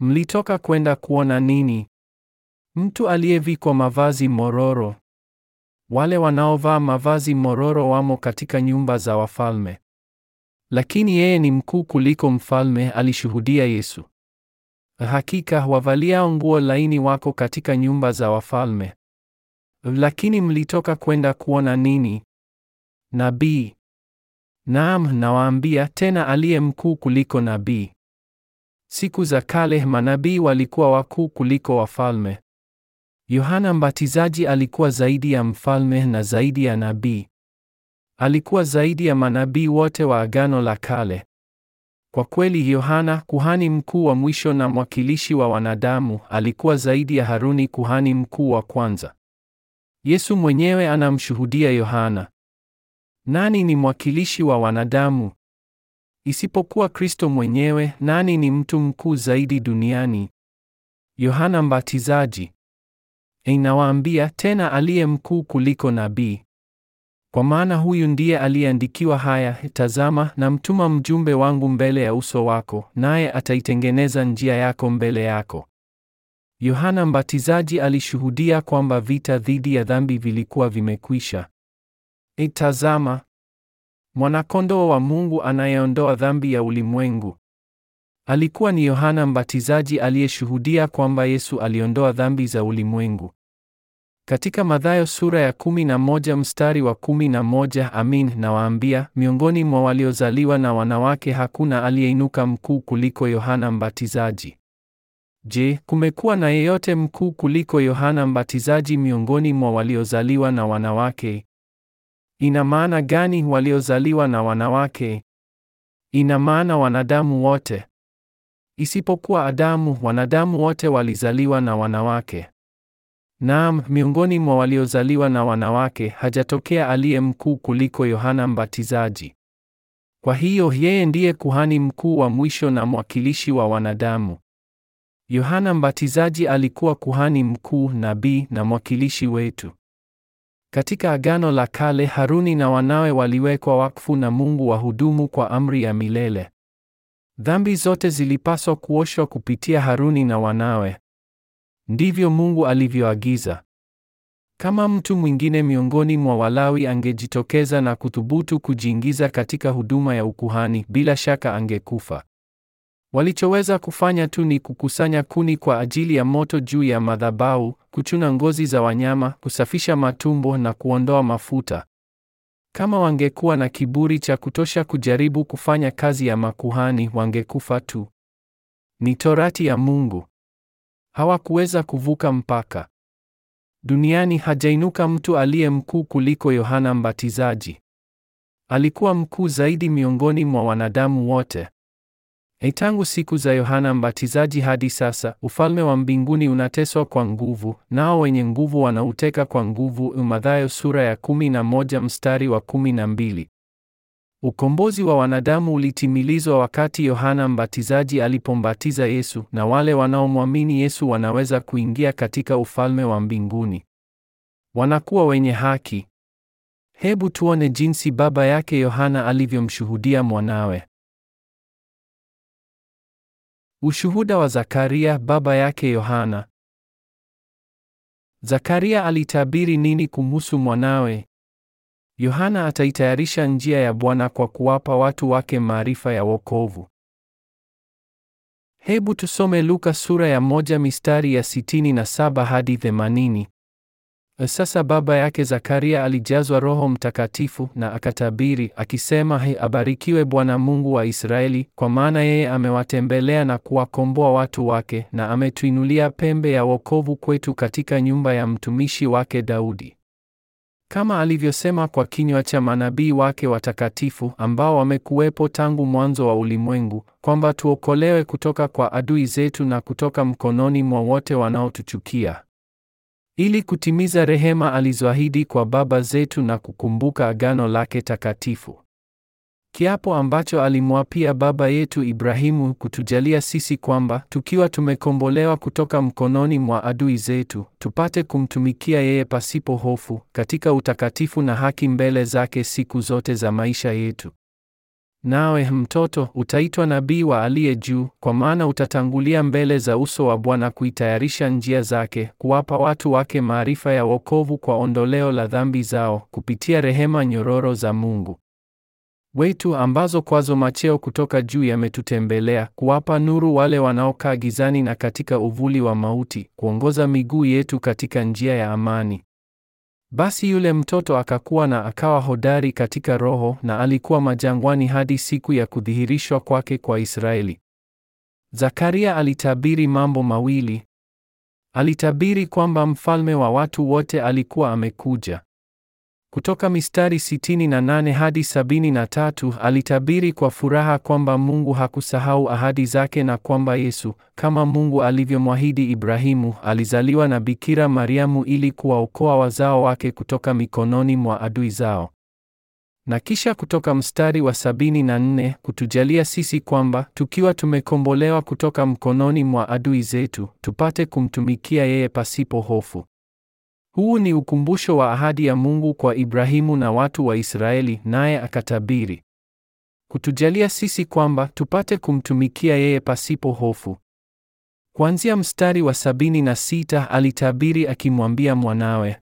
Mlitoka kwenda kuona nini? Mtu aliyevikwa mavazi mororo. Wale wanaovaa mavazi mororo wamo katika nyumba za wafalme. Lakini yeye ni mkuu kuliko mfalme, alishuhudia Yesu. Hakika wavaliao nguo laini wako katika nyumba za wafalme. Lakini mlitoka kwenda kuona nini? Nabii? Naam, nawaambia tena, aliye mkuu kuliko nabii. Siku za kale manabii walikuwa wakuu kuliko wafalme. Yohana Mbatizaji alikuwa zaidi ya mfalme na zaidi ya nabii. Alikuwa zaidi ya manabii wote wa Agano la Kale. Kwa kweli, Yohana kuhani mkuu wa mwisho na mwakilishi wa wanadamu alikuwa zaidi ya Haruni kuhani mkuu wa kwanza. Yesu mwenyewe anamshuhudia Yohana. Nani ni mwakilishi wa wanadamu? Isipokuwa Kristo mwenyewe, nani ni mtu mkuu zaidi duniani? Yohana Mbatizaji. Inawaambia tena aliye mkuu kuliko nabii. Kwa maana huyu ndiye aliyeandikiwa haya, tazama, namtuma mjumbe wangu mbele ya uso wako, naye ataitengeneza njia yako mbele yako. Yohana Mbatizaji alishuhudia kwamba vita dhidi ya dhambi vilikuwa vimekwisha. Itazama mwanakondoo wa Mungu anayeondoa dhambi ya ulimwengu. Alikuwa ni Yohana Mbatizaji aliyeshuhudia kwamba Yesu aliondoa dhambi za ulimwengu. Katika Mathayo sura ya 11 mstari wa 11, amin nawaambia, miongoni mwa waliozaliwa na wanawake hakuna aliyeinuka mkuu kuliko Yohana Mbatizaji. Je, kumekuwa na yeyote mkuu kuliko Yohana Mbatizaji miongoni mwa waliozaliwa na wanawake? Ina maana gani waliozaliwa na wanawake? Ina maana wanadamu wote. Isipokuwa Adamu, wanadamu wote walizaliwa na wanawake. Naam, miongoni mwa waliozaliwa na wanawake hajatokea aliye mkuu kuliko Yohana Mbatizaji. Kwa hiyo yeye ndiye kuhani mkuu wa mwisho na mwakilishi wa wanadamu. Yohana Mbatizaji alikuwa kuhani mkuu, nabii na mwakilishi wetu. Katika Agano la Kale, Haruni na wanawe waliwekwa wakfu na Mungu wa hudumu kwa amri ya milele. Dhambi zote zilipaswa kuoshwa kupitia Haruni na wanawe. Ndivyo Mungu alivyoagiza. Kama mtu mwingine miongoni mwa Walawi angejitokeza na kuthubutu kujiingiza katika huduma ya ukuhani, bila shaka angekufa. Walichoweza kufanya tu ni kukusanya kuni kwa ajili ya moto juu ya madhabahu, kuchuna ngozi za wanyama, kusafisha matumbo na kuondoa mafuta. Kama wangekuwa na kiburi cha kutosha kujaribu kufanya kazi ya makuhani, wangekufa tu. Ni torati ya Mungu. Hawakuweza kuvuka mpaka. Duniani hajainuka mtu aliye mkuu kuliko Yohana Mbatizaji. Alikuwa mkuu zaidi miongoni mwa wanadamu wote. E, tangu siku za Yohana Mbatizaji hadi sasa ufalme wa mbinguni unateswa kwa nguvu, nao wenye nguvu wanauteka kwa nguvu. Mathayo sura ya 11 mstari wa 12. Ukombozi wa wanadamu ulitimilizwa wakati Yohana Mbatizaji alipombatiza Yesu, na wale wanaomwamini Yesu wanaweza kuingia katika ufalme wa mbinguni. Wanakuwa wenye haki. Hebu tuone jinsi baba yake Yohana alivyomshuhudia mwanawe. Ushuhuda wa Zakaria baba yake Yohana. Zakaria alitabiri nini kumhusu mwanawe? Yohana ataitayarisha njia ya Bwana kwa kuwapa watu wake maarifa ya wokovu. Hebu tusome Luka sura ya moja mistari ya sitini na saba hadi themanini. Sasa baba yake Zakaria alijazwa Roho Mtakatifu na akatabiri akisema, he, abarikiwe Bwana Mungu wa Israeli, kwa maana yeye amewatembelea na kuwakomboa watu wake, na ametuinulia pembe ya wokovu kwetu katika nyumba ya mtumishi wake Daudi, kama alivyosema kwa kinywa cha manabii wake watakatifu, ambao wamekuwepo tangu mwanzo wa ulimwengu, kwamba tuokolewe kutoka kwa adui zetu na kutoka mkononi mwa wote wanaotuchukia ili kutimiza rehema alizoahidi kwa baba zetu na kukumbuka agano lake takatifu, kiapo ambacho alimwapia baba yetu Ibrahimu kutujalia sisi kwamba tukiwa tumekombolewa kutoka mkononi mwa adui zetu, tupate kumtumikia yeye pasipo hofu, katika utakatifu na haki mbele zake siku zote za maisha yetu. Nawe hmm, mtoto utaitwa nabii wa aliye juu, kwa maana utatangulia mbele za uso wa Bwana kuitayarisha njia zake, kuwapa watu wake maarifa ya wokovu kwa ondoleo la dhambi zao, kupitia rehema nyororo za Mungu wetu ambazo kwazo macheo kutoka juu yametutembelea, kuwapa nuru wale wanaokaa gizani na katika uvuli wa mauti, kuongoza miguu yetu katika njia ya amani. Basi yule mtoto akakuwa na akawa hodari katika roho, na alikuwa majangwani hadi siku ya kudhihirishwa kwake kwa Israeli. Zakaria alitabiri mambo mawili. Alitabiri kwamba mfalme wa watu wote alikuwa amekuja. Kutoka mistari 68 hadi 73 alitabiri kwa furaha kwamba Mungu hakusahau ahadi zake na kwamba Yesu, kama Mungu alivyomwahidi Ibrahimu, alizaliwa na Bikira Mariamu ili kuwaokoa wazao wake kutoka mikononi mwa adui zao. Na kisha kutoka mstari wa 74 kutujalia sisi kwamba tukiwa tumekombolewa kutoka mkononi mwa adui zetu, tupate kumtumikia yeye pasipo hofu. Huu ni ukumbusho wa ahadi ya Mungu kwa Ibrahimu na watu wa Israeli, naye akatabiri kutujalia sisi kwamba tupate kumtumikia yeye pasipo hofu. Kuanzia mstari wa sabini na sita alitabiri akimwambia mwanawe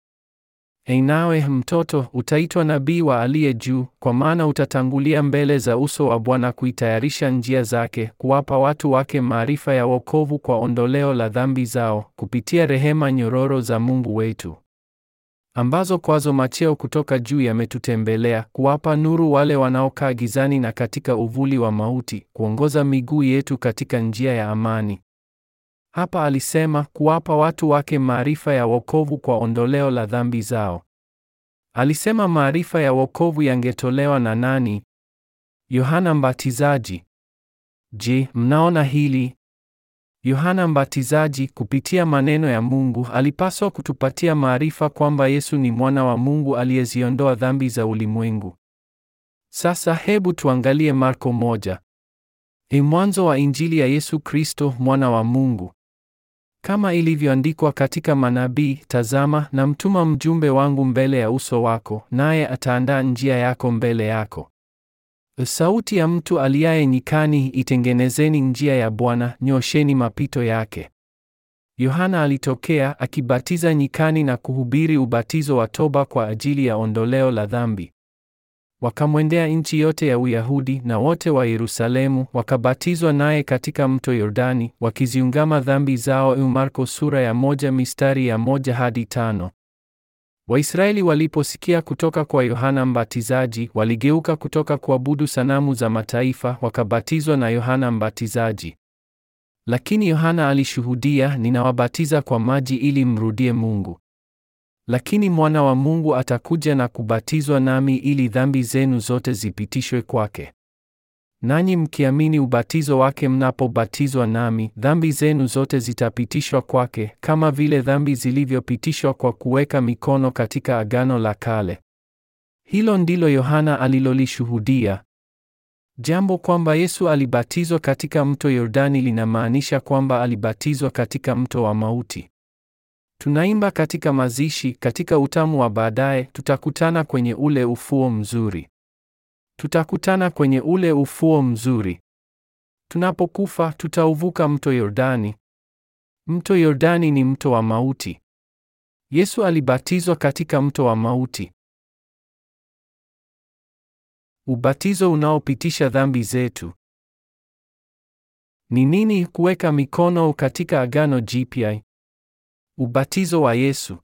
Einawe mtoto, utaitwa nabii wa aliye juu, kwa maana utatangulia mbele za uso wa Bwana kuitayarisha njia zake, kuwapa watu wake maarifa ya wokovu kwa ondoleo la dhambi zao, kupitia rehema nyororo za Mungu wetu, ambazo kwazo macheo kutoka juu yametutembelea, kuwapa nuru wale wanaokaa gizani na katika uvuli wa mauti, kuongoza miguu yetu katika njia ya amani. Hapa alisema kuwapa watu wake maarifa ya wokovu kwa ondoleo la dhambi zao. Alisema maarifa ya wokovu yangetolewa na nani? Yohana Mbatizaji. Je, mnaona hili? Yohana Mbatizaji kupitia maneno ya Mungu alipaswa kutupatia maarifa kwamba Yesu ni mwana wa Mungu aliyeziondoa dhambi za ulimwengu. Sasa hebu tuangalie Marko moja. Ni e, mwanzo wa Injili ya Yesu Kristo mwana wa Mungu. Kama ilivyoandikwa katika manabii, tazama, namtuma mjumbe wangu mbele ya uso wako, naye ataandaa njia yako mbele yako. Sauti ya mtu aliaye nyikani, itengenezeni njia ya Bwana, nyosheni mapito yake. Yohana alitokea akibatiza nyikani na kuhubiri ubatizo wa toba kwa ajili ya ondoleo la dhambi. Wakamwendea nchi yote ya Uyahudi na wote wa Yerusalemu, wakabatizwa naye katika mto Yordani, wakiziungama dhambi zao. Marko sura ya moja mistari ya moja hadi tano. Waisraeli waliposikia kutoka kwa Yohana Mbatizaji, waligeuka kutoka kuabudu sanamu za mataifa, wakabatizwa na Yohana Mbatizaji. Lakini Yohana alishuhudia, ninawabatiza kwa maji ili mrudie Mungu. Lakini mwana wa Mungu atakuja na kubatizwa nami ili dhambi zenu zote zipitishwe kwake. Nanyi mkiamini ubatizo wake mnapobatizwa nami, dhambi zenu zote zitapitishwa kwake, kama vile dhambi zilivyopitishwa kwa kuweka mikono katika agano la kale. Hilo ndilo Yohana alilolishuhudia. Jambo kwamba Yesu alibatizwa katika mto Yordani linamaanisha kwamba alibatizwa katika mto wa mauti. Tunaimba katika mazishi, katika utamu wa baadaye, tutakutana kwenye ule ufuo mzuri. Tutakutana kwenye ule ufuo mzuri. Tunapokufa tutauvuka mto Yordani. Mto Yordani ni mto wa mauti. Yesu alibatizwa katika mto wa mauti. Ubatizo unaopitisha dhambi zetu. Ni nini kuweka mikono katika Agano Jipya? Ubatizo wa Yesu.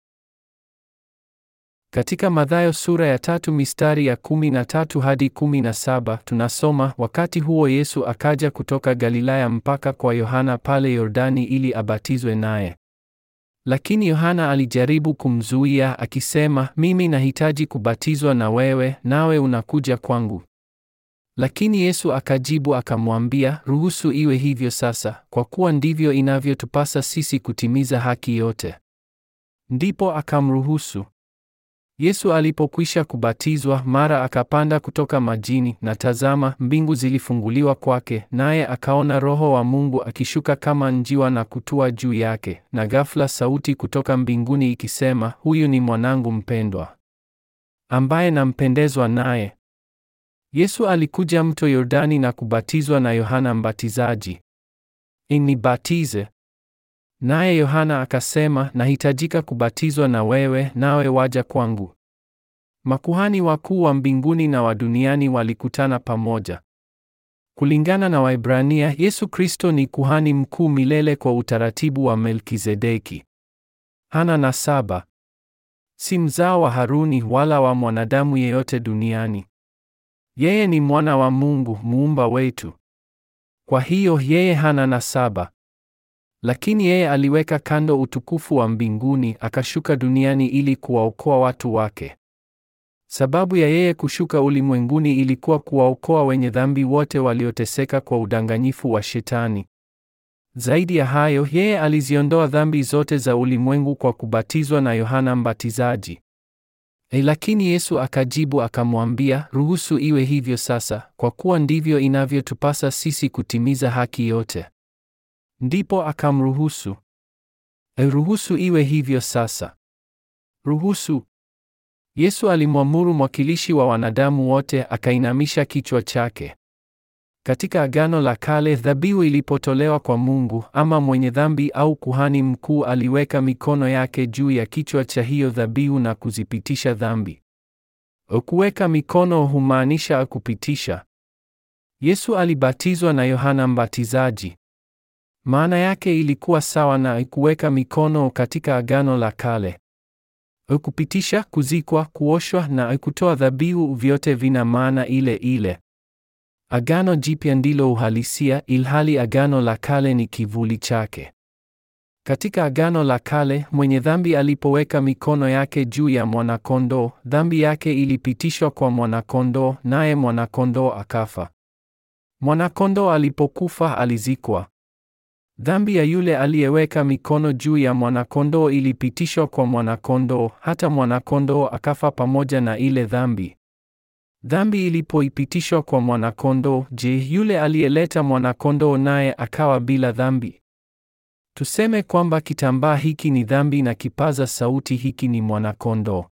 Katika Mathayo sura ya tatu mistari ya kumi na tatu hadi kumi na saba tunasoma, wakati huo Yesu akaja kutoka Galilaya mpaka kwa Yohana pale Yordani ili abatizwe naye. Lakini Yohana alijaribu kumzuia akisema, mimi nahitaji kubatizwa na wewe, nawe unakuja kwangu. Lakini Yesu akajibu akamwambia, ruhusu iwe hivyo sasa, kwa kuwa ndivyo inavyotupasa sisi kutimiza haki yote. Ndipo akamruhusu. Yesu alipokwisha kubatizwa, mara akapanda kutoka majini, na tazama, mbingu zilifunguliwa kwake, naye akaona Roho wa Mungu akishuka kama njiwa na kutua juu yake, na ghafla sauti kutoka mbinguni ikisema, huyu ni mwanangu mpendwa, ambaye nampendezwa naye. Yesu alikuja mto Yordani na kubatizwa na Yohana Mbatizaji. Inibatize. Naye Yohana akasema, nahitajika kubatizwa na wewe, nawe waja kwangu. Makuhani wakuu wa mbinguni na wa duniani walikutana pamoja. Kulingana na Waibrania, Yesu Kristo ni kuhani mkuu milele kwa utaratibu wa Melkizedeki. Hana nasaba, si mzao wa Haruni wala wa mwanadamu yeyote duniani. Yeye ni mwana wa Mungu muumba wetu. Kwa hiyo yeye hana nasaba. Lakini yeye aliweka kando utukufu wa mbinguni akashuka duniani ili kuwaokoa watu wake. Sababu ya yeye kushuka ulimwenguni ilikuwa kuwaokoa wenye dhambi wote walioteseka kwa udanganyifu wa Shetani. Zaidi ya hayo, yeye aliziondoa dhambi zote za ulimwengu kwa kubatizwa na Yohana Mbatizaji. E, lakini Yesu akajibu akamwambia, ruhusu iwe hivyo sasa, kwa kuwa ndivyo inavyotupasa sisi kutimiza haki yote. Ndipo akamruhusu. E, ruhusu iwe hivyo sasa, ruhusu. Yesu alimwamuru mwakilishi wa wanadamu wote, akainamisha kichwa chake. Katika Agano la Kale, dhabihu ilipotolewa kwa Mungu, ama mwenye dhambi au kuhani mkuu aliweka mikono yake juu ya kichwa cha hiyo dhabihu na kuzipitisha dhambi. Kuweka mikono humaanisha kupitisha. Yesu alibatizwa na Yohana Mbatizaji. Maana yake ilikuwa sawa na kuweka mikono katika Agano la Kale. Kupitisha, kuzikwa, kuoshwa na kutoa dhabihu vyote vina maana ile ile. Agano Jipya ndilo uhalisia, ilhali Agano la Kale ni kivuli chake. Katika Agano la Kale, mwenye dhambi alipoweka mikono yake juu ya mwanakondoo, dhambi yake ilipitishwa kwa mwanakondoo, naye mwanakondoo akafa. Mwanakondoo alipokufa, alizikwa. Dhambi ya yule aliyeweka mikono juu ya mwanakondoo ilipitishwa kwa mwanakondoo, hata mwanakondoo akafa pamoja na ile dhambi. Dhambi ilipoipitishwa kwa mwanakondoo, je, yule aliyeleta mwanakondoo naye akawa bila dhambi? Tuseme kwamba kitambaa hiki ni dhambi na kipaza sauti hiki ni mwanakondoo.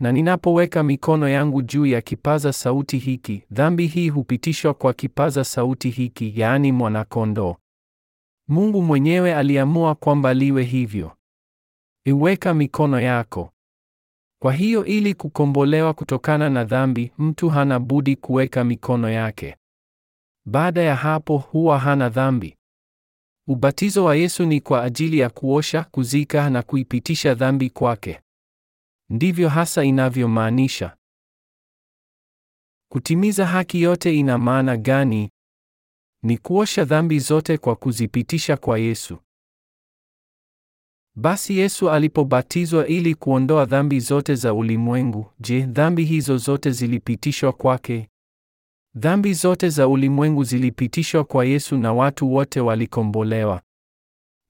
Na ninapoweka mikono yangu juu ya kipaza sauti hiki, dhambi hii hupitishwa kwa kipaza sauti hiki, yaani mwanakondoo. Mungu mwenyewe aliamua kwamba liwe hivyo. Iweka mikono yako kwa hiyo ili kukombolewa kutokana na dhambi, mtu hana budi kuweka mikono yake. Baada ya hapo huwa hana dhambi. Ubatizo wa Yesu ni kwa ajili ya kuosha, kuzika na kuipitisha dhambi kwake. Ndivyo hasa inavyomaanisha. Kutimiza haki yote ina maana gani? Ni kuosha dhambi zote kwa kuzipitisha kwa Yesu. Basi Yesu alipobatizwa ili kuondoa dhambi zote za ulimwengu, je, dhambi hizo zote zilipitishwa kwake? Dhambi zote za ulimwengu zilipitishwa kwa Yesu na watu wote walikombolewa.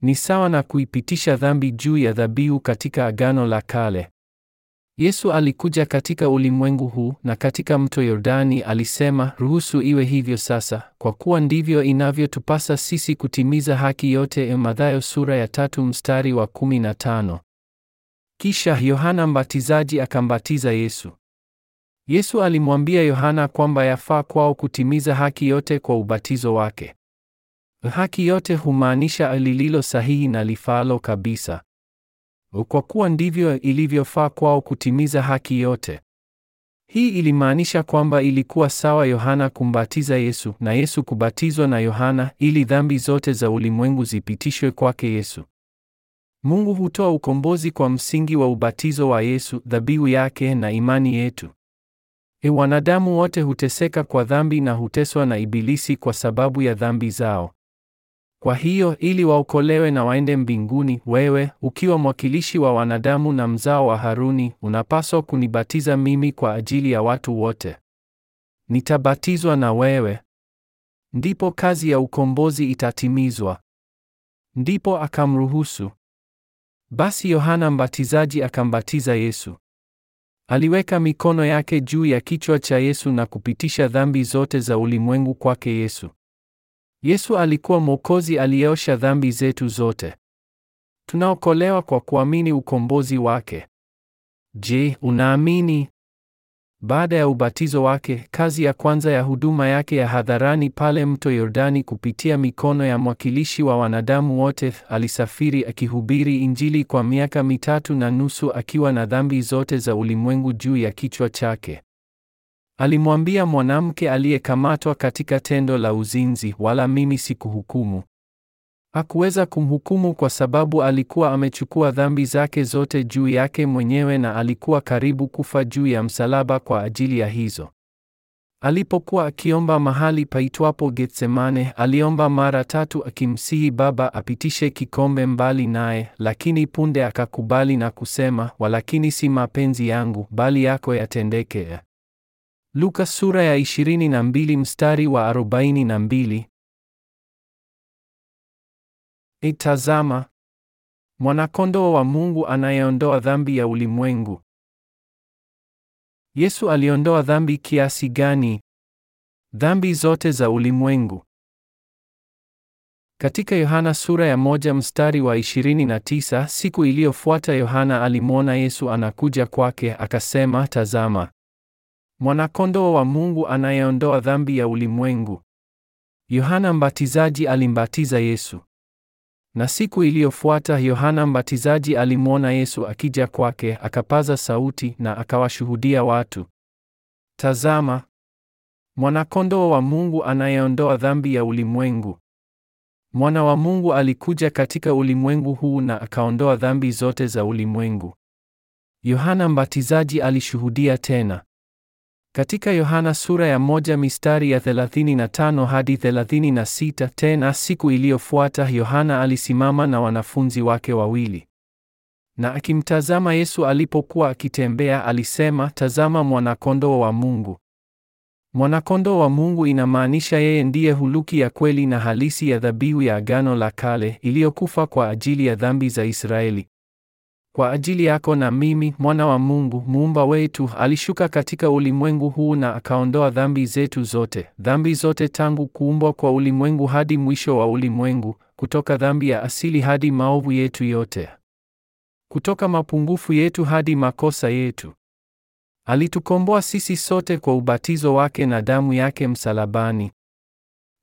Ni sawa na kuipitisha dhambi juu ya dhabihu katika Agano la Kale. Yesu alikuja katika ulimwengu huu na katika mto Yordani alisema, ruhusu iwe hivyo sasa, kwa kuwa ndivyo inavyotupasa sisi kutimiza haki yote. Mathayo sura ya tatu mstari wa 15. Kisha Yohana Mbatizaji akambatiza Yesu. Yesu alimwambia Yohana kwamba yafaa kwao kutimiza haki yote kwa ubatizo wake. Haki yote humaanisha lililo sahihi na lifaalo kabisa kwa kuwa ndivyo ilivyofaa kwao kutimiza haki yote. Hii ilimaanisha kwamba ilikuwa sawa Yohana kumbatiza Yesu na Yesu kubatizwa na Yohana ili dhambi zote za ulimwengu zipitishwe kwake Yesu. Mungu hutoa ukombozi kwa msingi wa ubatizo wa Yesu, dhabihu yake na imani yetu. E, wanadamu wote huteseka kwa dhambi na huteswa na Ibilisi kwa sababu ya dhambi zao. Kwa hiyo ili waokolewe na waende mbinguni, wewe ukiwa mwakilishi wa wanadamu na mzao wa Haruni, unapaswa kunibatiza mimi kwa ajili ya watu wote. Nitabatizwa na wewe. Ndipo kazi ya ukombozi itatimizwa. Ndipo akamruhusu. Basi Yohana Mbatizaji akambatiza Yesu. Aliweka mikono yake juu ya kichwa cha Yesu na kupitisha dhambi zote za ulimwengu kwake Yesu. Yesu alikuwa Mwokozi aliyeosha dhambi zetu zote. Tunaokolewa kwa kuamini ukombozi wake. Je, unaamini? Baada ya ubatizo wake, kazi ya kwanza ya huduma yake ya hadharani pale mto Yordani kupitia mikono ya mwakilishi wa wanadamu wote, alisafiri akihubiri Injili kwa miaka mitatu na nusu akiwa na dhambi zote za ulimwengu juu ya kichwa chake. Alimwambia mwanamke aliyekamatwa katika tendo la uzinzi, wala mimi sikuhukumu. Hakuweza kumhukumu kwa sababu alikuwa amechukua dhambi zake zote juu yake mwenyewe na alikuwa karibu kufa juu ya msalaba kwa ajili ya hizo. Alipokuwa akiomba mahali paitwapo Getsemane, aliomba mara tatu akimsihi Baba apitishe kikombe mbali naye, lakini punde akakubali na kusema, walakini si mapenzi yangu bali yako yatendeke. Luka sura ya 22 mstari wa 42. Itazama mwanakondoo wa Mungu anayeondoa dhambi ya ulimwengu. Yesu aliondoa dhambi kiasi gani? Dhambi zote za ulimwengu. Katika Yohana sura ya moja mstari wa 29, siku iliyofuata Yohana alimwona Yesu anakuja kwake, akasema, tazama mwanakondoo wa Mungu anayeondoa dhambi ya ulimwengu. Yohana Mbatizaji alimbatiza Yesu. Na siku iliyofuata Yohana Mbatizaji alimwona Yesu akija kwake, akapaza sauti na akawashuhudia watu, Tazama, mwanakondoo wa Mungu anayeondoa dhambi ya ulimwengu. Mwana wa Mungu alikuja katika ulimwengu huu na akaondoa dhambi zote za ulimwengu. Yohana Mbatizaji alishuhudia tena, katika Yohana sura ya moja mistari ya 35 hadi 36, tena siku iliyofuata Yohana alisimama na wanafunzi wake wawili. Na akimtazama Yesu alipokuwa akitembea, alisema, tazama mwanakondoo wa Mungu. Mwanakondoo wa Mungu inamaanisha yeye ndiye huluki ya kweli na halisi ya dhabihu ya agano la kale iliyokufa kwa ajili ya dhambi za Israeli. Kwa ajili yako na mimi, mwana wa Mungu, muumba wetu, alishuka katika ulimwengu huu na akaondoa dhambi zetu zote, dhambi zote tangu kuumbwa kwa ulimwengu hadi mwisho wa ulimwengu, kutoka dhambi ya asili hadi maovu yetu yote, kutoka mapungufu yetu hadi makosa yetu. Alitukomboa sisi sote kwa ubatizo wake na damu yake msalabani.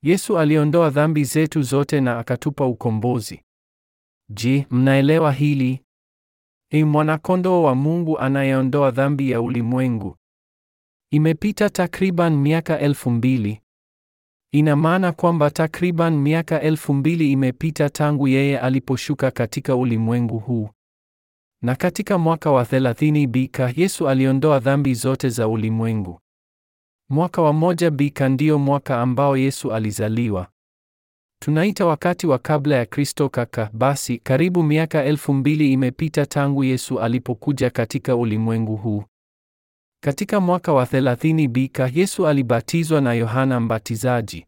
Yesu aliondoa dhambi zetu zote na akatupa ukombozi. Je, mnaelewa hili? Ee mwanakondoo wa Mungu anayeondoa dhambi ya ulimwengu. Imepita takriban miaka elfu mbili. Ina maana kwamba takriban miaka elfu mbili imepita tangu yeye aliposhuka katika ulimwengu huu. Na katika mwaka wa 30 bika Yesu aliondoa dhambi zote za ulimwengu. Mwaka wa moja bika ndio mwaka ambao Yesu alizaliwa. Tunaita wakati wa kabla ya Kristo kaka. Basi karibu miaka elfu mbili imepita tangu Yesu alipokuja katika ulimwengu huu. Katika mwaka wa 30 bika Yesu alibatizwa na Yohana Mbatizaji.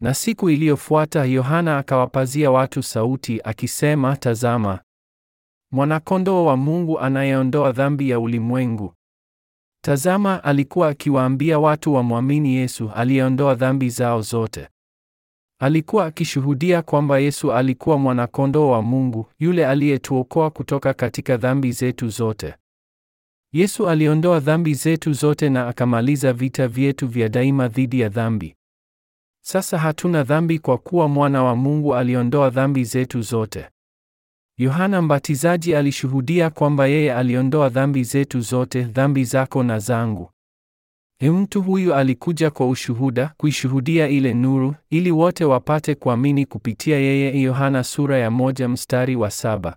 Na siku iliyofuata Yohana akawapazia watu sauti akisema, tazama mwanakondoo wa Mungu anayeondoa dhambi ya ulimwengu. Tazama, alikuwa akiwaambia watu wamwamini Yesu aliyeondoa dhambi zao zote. Alikuwa akishuhudia kwamba Yesu alikuwa mwanakondoo wa Mungu, yule aliyetuokoa kutoka katika dhambi zetu zote. Yesu aliondoa dhambi zetu zote na akamaliza vita vyetu vya daima dhidi ya dhambi. Sasa hatuna dhambi kwa kuwa mwana wa Mungu aliondoa dhambi zetu zote. Yohana Mbatizaji alishuhudia kwamba yeye aliondoa dhambi zetu zote, dhambi zako na zangu. E, mtu huyu alikuja kwa ushuhuda, kuishuhudia ile nuru, ili wote wapate kuamini kupitia yeye. Yohana sura ya moja mstari wa saba.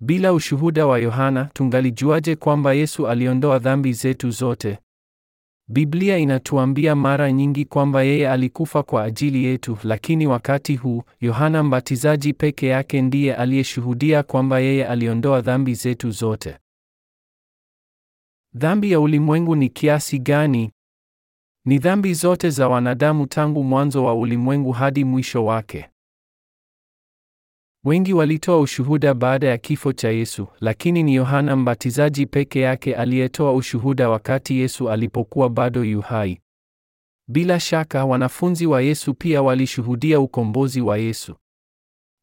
Bila ushuhuda wa Yohana tungalijuaje kwamba Yesu aliondoa dhambi zetu zote? Biblia inatuambia mara nyingi kwamba yeye alikufa kwa ajili yetu, lakini wakati huu Yohana Mbatizaji peke yake ndiye aliyeshuhudia kwamba yeye aliondoa dhambi zetu zote. Dhambi ya ulimwengu ni kiasi gani? Ni dhambi zote za wanadamu tangu mwanzo wa ulimwengu hadi mwisho wake. Wengi walitoa ushuhuda baada ya kifo cha Yesu, lakini ni Yohana Mbatizaji peke yake aliyetoa ushuhuda wakati Yesu alipokuwa bado yuhai Bila shaka wanafunzi wa Yesu pia walishuhudia ukombozi wa Yesu.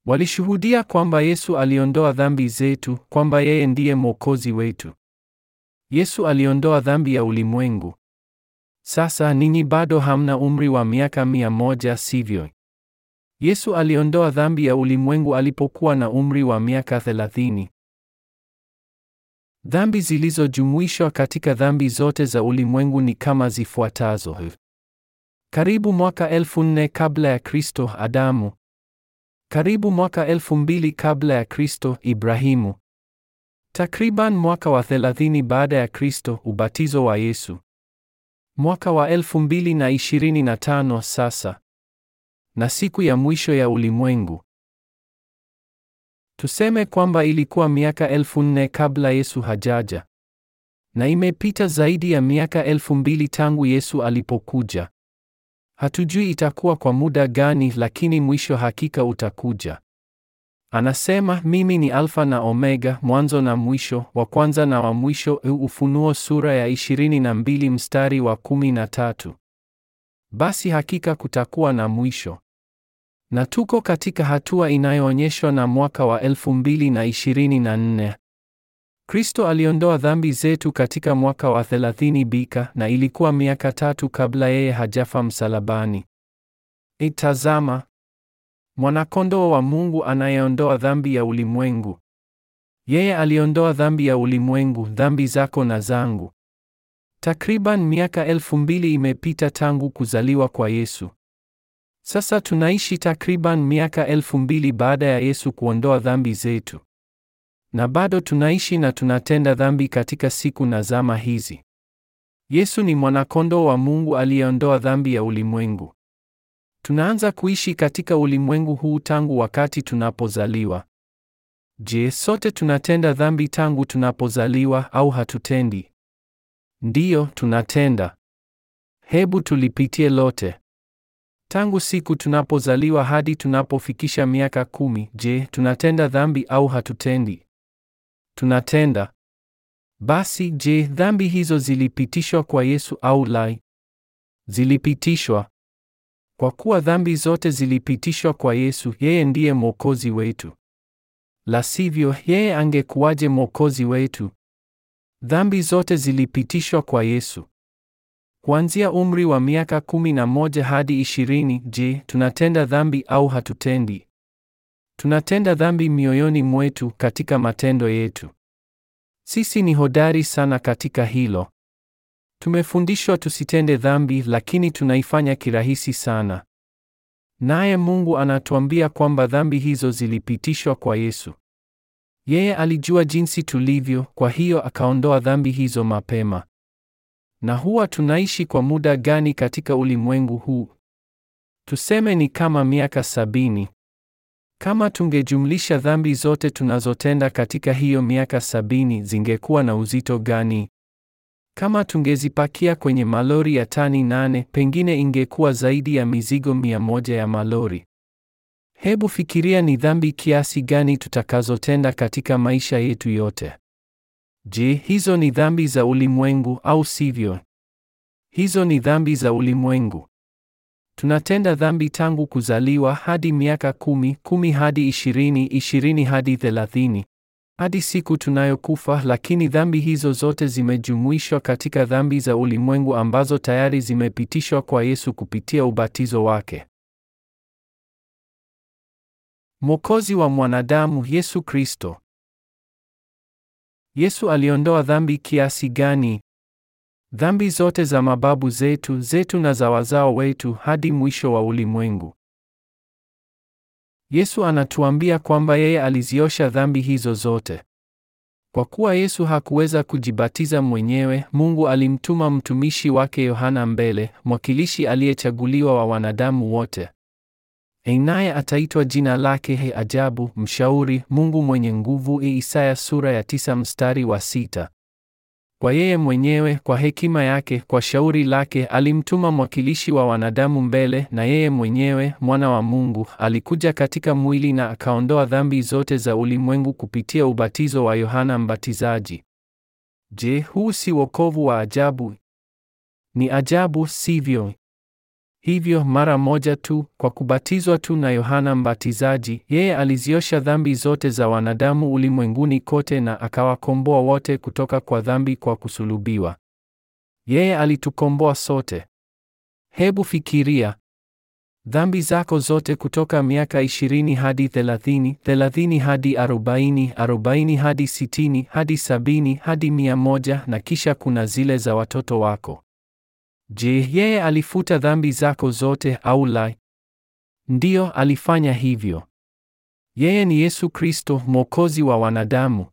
Walishuhudia kwamba Yesu aliondoa dhambi zetu, kwamba yeye ndiye Mwokozi wetu. Yesu aliondoa dhambi ya ulimwengu. Sasa ninyi bado hamna umri wa miaka mia moja, sivyo? Yesu aliondoa dhambi ya ulimwengu alipokuwa na umri wa miaka thelathini. Dhambi zilizojumuishwa katika dhambi zote za ulimwengu ni kama zifuatazo. Karibu mwaka elfu nne kabla ya Kristo Adamu. Karibu mwaka elfu mbili kabla ya Kristo Ibrahimu. Takriban mwaka wa 30 baada ya Kristo, ubatizo wa Yesu. Mwaka wa 2025 sasa. Na siku ya mwisho ya ulimwengu. Tuseme kwamba ilikuwa miaka 4000 kabla Yesu hajaja. Na imepita zaidi ya miaka 2000 tangu Yesu alipokuja. Hatujui itakuwa kwa muda gani, lakini mwisho hakika utakuja. Anasema mimi ni Alfa na Omega, mwanzo na mwisho, wa kwanza na wa mwisho. E Ufunuo sura ya 22 mstari wa 13. Basi hakika kutakuwa na mwisho, na tuko katika hatua inayoonyeshwa na mwaka wa 2024. Kristo aliondoa dhambi zetu katika mwaka wa 30 Bika, na ilikuwa miaka tatu kabla yeye hajafa msalabani. Itazama, e, mwanakondoo wa Mungu anayeondoa dhambi ya ulimwengu. Yeye aliondoa dhambi ya ulimwengu, dhambi zako na zangu. Takriban miaka elfu mbili imepita tangu kuzaliwa kwa Yesu. Sasa tunaishi takriban miaka elfu mbili baada ya Yesu kuondoa dhambi zetu, na bado tunaishi na tunatenda dhambi katika siku na zama hizi. Yesu ni mwanakondoo wa Mungu aliyeondoa dhambi ya ulimwengu. Tunaanza kuishi katika ulimwengu huu tangu wakati tunapozaliwa. Je, sote tunatenda dhambi tangu tunapozaliwa au hatutendi? Ndiyo, tunatenda. Hebu tulipitie lote. Tangu siku tunapozaliwa hadi tunapofikisha miaka kumi, je, tunatenda dhambi au hatutendi? Tunatenda. Basi je, dhambi hizo zilipitishwa kwa Yesu au lai Zilipitishwa. Kwa kuwa dhambi zote zilipitishwa kwa Yesu, yeye ndiye mwokozi wetu. La sivyo, yeye angekuwaje mwokozi wetu? Dhambi zote zilipitishwa kwa Yesu. Kuanzia umri wa miaka kumi na moja hadi ishirini. Je, tunatenda dhambi au hatutendi? Tunatenda dhambi mioyoni mwetu katika matendo yetu. Sisi ni hodari sana katika hilo. Tumefundishwa tusitende dhambi, lakini tunaifanya kirahisi sana. Naye Mungu anatuambia kwamba dhambi hizo zilipitishwa kwa Yesu. Yeye alijua jinsi tulivyo, kwa hiyo akaondoa dhambi hizo mapema. Na huwa tunaishi kwa muda gani katika ulimwengu huu? Tuseme ni kama miaka sabini. Kama tungejumlisha dhambi zote tunazotenda katika hiyo miaka sabini, zingekuwa na uzito gani? Kama tungezipakia kwenye malori ya tani nane, pengine ingekuwa zaidi ya mizigo mia moja ya malori. Hebu fikiria ni dhambi kiasi gani tutakazotenda katika maisha yetu yote. Je, hizo ni dhambi za ulimwengu au sivyo? Hizo ni dhambi za ulimwengu. Tunatenda dhambi tangu kuzaliwa hadi miaka kumi, kumi hadi ishirini, ishirini hadi thelathini hadi siku tunayokufa, lakini dhambi hizo zote zimejumuishwa katika dhambi za ulimwengu ambazo tayari zimepitishwa kwa Yesu kupitia ubatizo wake. Mwokozi wa mwanadamu Yesu Kristo. Yesu aliondoa dhambi kiasi gani? Dhambi zote za mababu zetu, zetu na za wazao wetu hadi mwisho wa ulimwengu. Yesu anatuambia kwamba yeye aliziosha dhambi hizo zote. Kwa kuwa Yesu hakuweza kujibatiza mwenyewe, Mungu alimtuma mtumishi wake Yohana mbele, mwakilishi aliyechaguliwa wa wanadamu wote. Naye ataitwa jina lake he ajabu, mshauri, Mungu mwenye nguvu, Isaya sura ya tisa mstari wa sita. Kwa yeye mwenyewe, kwa hekima yake, kwa shauri lake, alimtuma mwakilishi wa wanadamu mbele, na yeye mwenyewe, mwana wa Mungu, alikuja katika mwili na akaondoa dhambi zote za ulimwengu kupitia ubatizo wa Yohana Mbatizaji. Je, huu si wokovu wa ajabu? Ni ajabu, sivyo? Hivyo mara moja tu kwa kubatizwa tu na Yohana Mbatizaji, yeye aliziosha dhambi zote za wanadamu ulimwenguni kote na akawakomboa wote kutoka kwa dhambi kwa kusulubiwa. Yeye alitukomboa sote. Hebu fikiria dhambi zako zote kutoka miaka 20 hadi 30, 30 hadi 40, 40 hadi 60, hadi 70, hadi 100 na kisha kuna zile za watoto wako. Je, yeye alifuta dhambi zako zote au la? Ndiyo, alifanya hivyo. Yeye ni Yesu Kristo, Mwokozi wa wanadamu.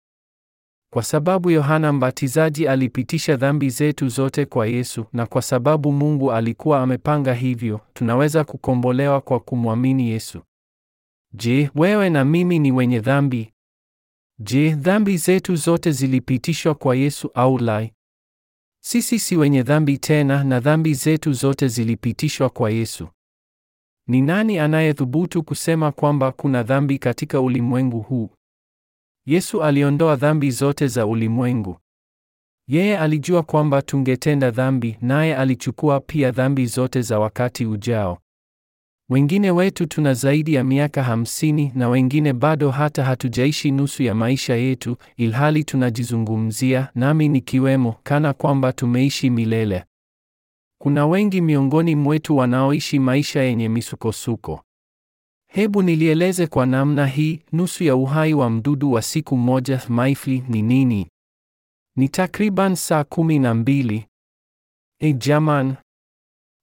Kwa sababu Yohana Mbatizaji alipitisha dhambi zetu zote kwa Yesu na kwa sababu Mungu alikuwa amepanga hivyo, tunaweza kukombolewa kwa kumwamini Yesu. Je, wewe na mimi ni wenye dhambi? Je, dhambi zetu zote zilipitishwa kwa Yesu au lai sisi si wenye dhambi tena na dhambi zetu zote zilipitishwa kwa Yesu. Ni nani anayethubutu kusema kwamba kuna dhambi katika ulimwengu huu? Yesu aliondoa dhambi zote za ulimwengu. Yeye alijua kwamba tungetenda dhambi, naye alichukua pia dhambi zote za wakati ujao. Wengine wetu tuna zaidi ya miaka hamsini na wengine bado hata hatujaishi nusu ya maisha yetu, ilhali tunajizungumzia, nami nikiwemo, kana kwamba tumeishi milele. Kuna wengi miongoni mwetu wanaoishi maisha yenye misukosuko. Hebu nilieleze kwa namna hii, nusu ya uhai wa mdudu wa siku moja maifli ni nini? Ni takriban saa kumi na mbili. E jaman,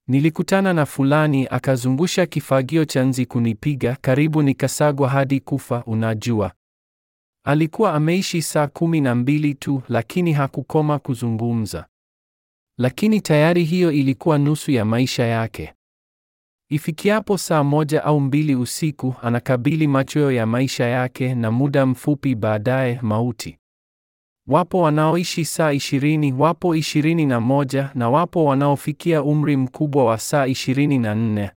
Nilikutana na fulani akazungusha kifagio cha nzi kunipiga, karibu nikasagwa hadi kufa, unajua. Alikuwa ameishi saa kumi na mbili tu, lakini hakukoma kuzungumza. Lakini tayari hiyo ilikuwa nusu ya maisha yake. Ifikiapo saa moja au mbili usiku, anakabili machweo ya maisha yake, na muda mfupi baadaye mauti. Wapo wanaoishi saa ishirini, wapo ishirini na moja na wapo wanaofikia umri mkubwa wa saa ishirini na nne.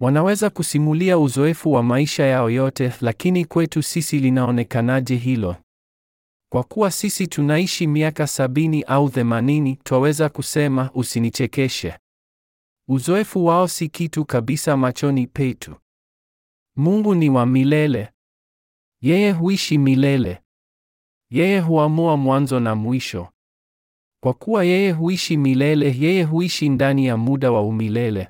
Wanaweza kusimulia uzoefu wa maisha yao yote, lakini kwetu sisi linaonekanaje hilo? Kwa kuwa sisi tunaishi miaka sabini au themanini, twaweza kusema usinichekeshe. Uzoefu wao si kitu kabisa machoni petu. Mungu ni wa milele. Yeye huishi milele. Yeye huamua mwanzo na mwisho. Kwa kuwa yeye huishi milele, yeye huishi ndani ya muda wa umilele.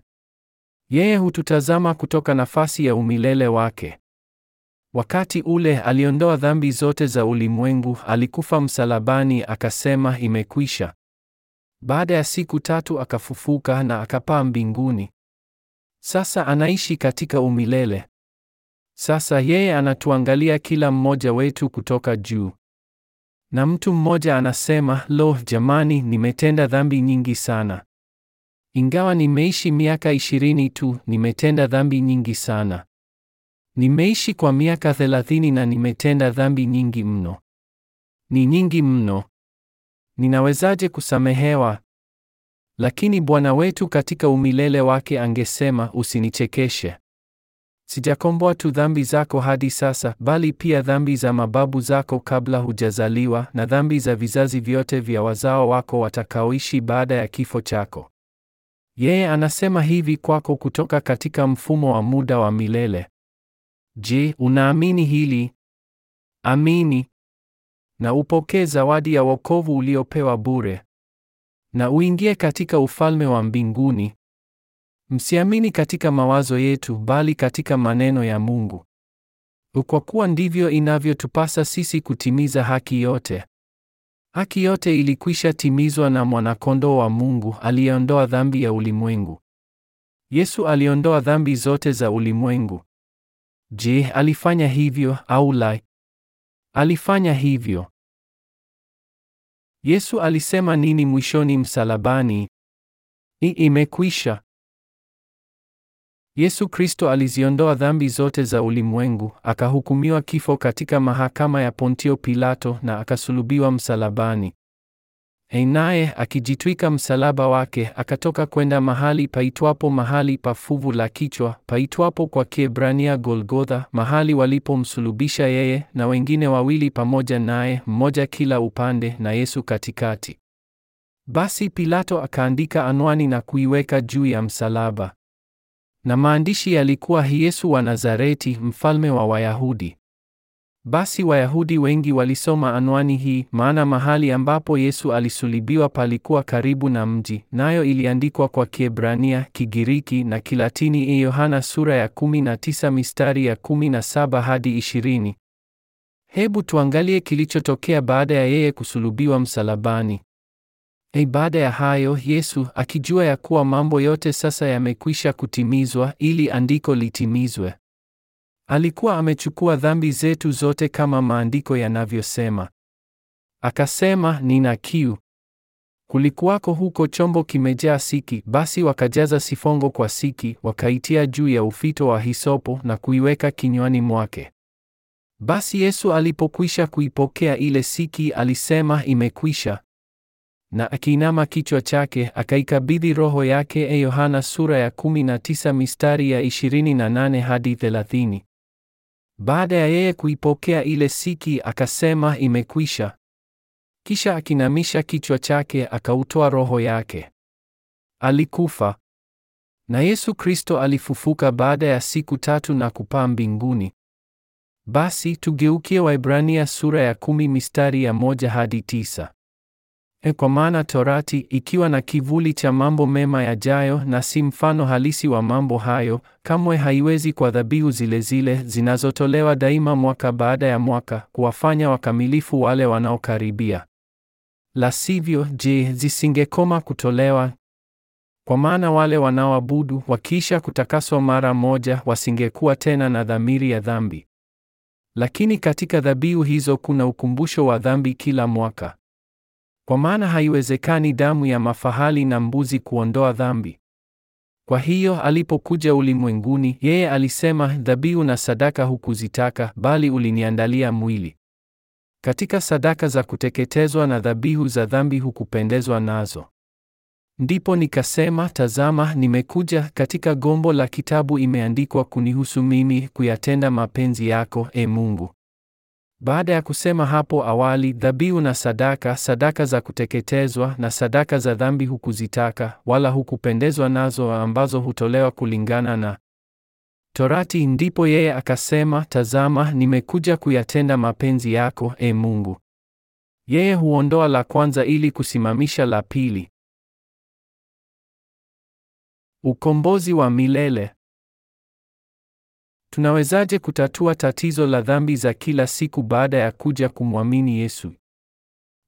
Yeye hututazama kutoka nafasi ya umilele wake. Wakati ule aliondoa dhambi zote za ulimwengu, alikufa msalabani akasema imekwisha. Baada ya siku tatu akafufuka na akapaa mbinguni. Sasa anaishi katika umilele. Sasa yeye anatuangalia kila mmoja wetu kutoka juu. Na mtu mmoja anasema, lo, jamani, nimetenda dhambi nyingi sana. Ingawa nimeishi miaka ishirini tu, nimetenda dhambi nyingi sana. Nimeishi kwa miaka thelathini na nimetenda dhambi nyingi mno. Ni nyingi mno. Ninawezaje kusamehewa? Lakini Bwana wetu katika umilele wake angesema, usinichekeshe. Sijakomboa tu dhambi zako hadi sasa, bali pia dhambi za mababu zako kabla hujazaliwa na dhambi za vizazi vyote vya wazao wako watakaoishi baada ya kifo chako. Yeye anasema hivi kwako kutoka katika mfumo wa muda wa milele. Je, unaamini hili? Amini na upokee zawadi ya wokovu uliopewa bure, na uingie katika ufalme wa mbinguni. Msiamini katika mawazo yetu, bali katika maneno ya Mungu, kwa kuwa ndivyo inavyotupasa sisi kutimiza haki yote. Haki yote ilikwisha timizwa na mwanakondoo wa Mungu aliyeondoa dhambi ya ulimwengu. Yesu aliondoa dhambi zote za ulimwengu. Je, alifanya hivyo au la? Alifanya hivyo. Yesu alisema nini mwishoni msalabani? I, imekwisha. Yesu Kristo aliziondoa dhambi zote za ulimwengu, akahukumiwa kifo katika mahakama ya Pontio Pilato na akasulubiwa msalabani. Naye akijitwika msalaba wake akatoka kwenda mahali paitwapo mahali pa fuvu la kichwa, paitwapo kwa Kiebrania Golgotha, mahali walipomsulubisha yeye na wengine wawili pamoja naye, mmoja kila upande na Yesu katikati. Basi Pilato akaandika anwani na kuiweka juu ya msalaba na maandishi yalikuwa Yesu wa Nazareti, mfalme wa Wayahudi. Basi Wayahudi wengi walisoma anwani hii, maana mahali ambapo Yesu alisulibiwa palikuwa karibu na mji, nayo iliandikwa kwa Kiebrania, Kigiriki na Kilatini. Yohana sura ya 19 mistari ya 17 hadi 20. Hebu tuangalie kilichotokea baada ya yeye kusulubiwa msalabani. E, baada ya hayo Yesu akijua ya kuwa mambo yote sasa yamekwisha kutimizwa ili andiko litimizwe. Alikuwa amechukua dhambi zetu zote kama maandiko yanavyosema. Akasema, nina kiu. Kulikuwako huko chombo kimejaa siki, basi wakajaza sifongo kwa siki, wakaitia juu ya ufito wa hisopo na kuiweka kinywani mwake. Basi Yesu alipokwisha kuipokea ile siki, alisema imekwisha na akiinama kichwa chake akaikabidhi roho yake. E, Yohana sura ya 19 mistari ya 28 hadi 30. Baada ya yeye kuipokea ile siki, akasema imekwisha. Kisha akinamisha kichwa chake akautoa roho yake. Alikufa na Yesu Kristo alifufuka baada ya siku tatu na kupaa mbinguni. Basi tugeukie Waibrania sura ya kumi mistari ya moja hadi tisa. E, kwa maana torati ikiwa na kivuli cha mambo mema yajayo na si mfano halisi wa mambo hayo, kamwe haiwezi kwa dhabihu zile zile zinazotolewa daima mwaka baada ya mwaka kuwafanya wakamilifu wale wanaokaribia. La sivyo, je, zisingekoma kutolewa? Kwa maana wale wanaoabudu wakiisha kutakaswa mara moja wasingekuwa tena na dhamiri ya dhambi. Lakini katika dhabihu hizo kuna ukumbusho wa dhambi kila mwaka. Kwa maana haiwezekani damu ya mafahali na mbuzi kuondoa dhambi. Kwa hiyo alipokuja ulimwenguni, yeye alisema, dhabihu na sadaka hukuzitaka, bali uliniandalia mwili. Katika sadaka za kuteketezwa na dhabihu za dhambi hukupendezwa nazo. Ndipo nikasema, tazama, nimekuja; katika gombo la kitabu imeandikwa kunihusu mimi, kuyatenda mapenzi yako, e Mungu. Baada ya kusema hapo awali, dhabihu na sadaka, sadaka za kuteketezwa na sadaka za dhambi hukuzitaka wala hukupendezwa nazo, ambazo hutolewa kulingana na Torati. Ndipo yeye akasema, tazama, nimekuja kuyatenda mapenzi yako, e Mungu. Yeye huondoa la kwanza ili kusimamisha la pili. Ukombozi wa milele. Tunawezaje kutatua tatizo la dhambi za kila siku baada ya kuja kumwamini Yesu?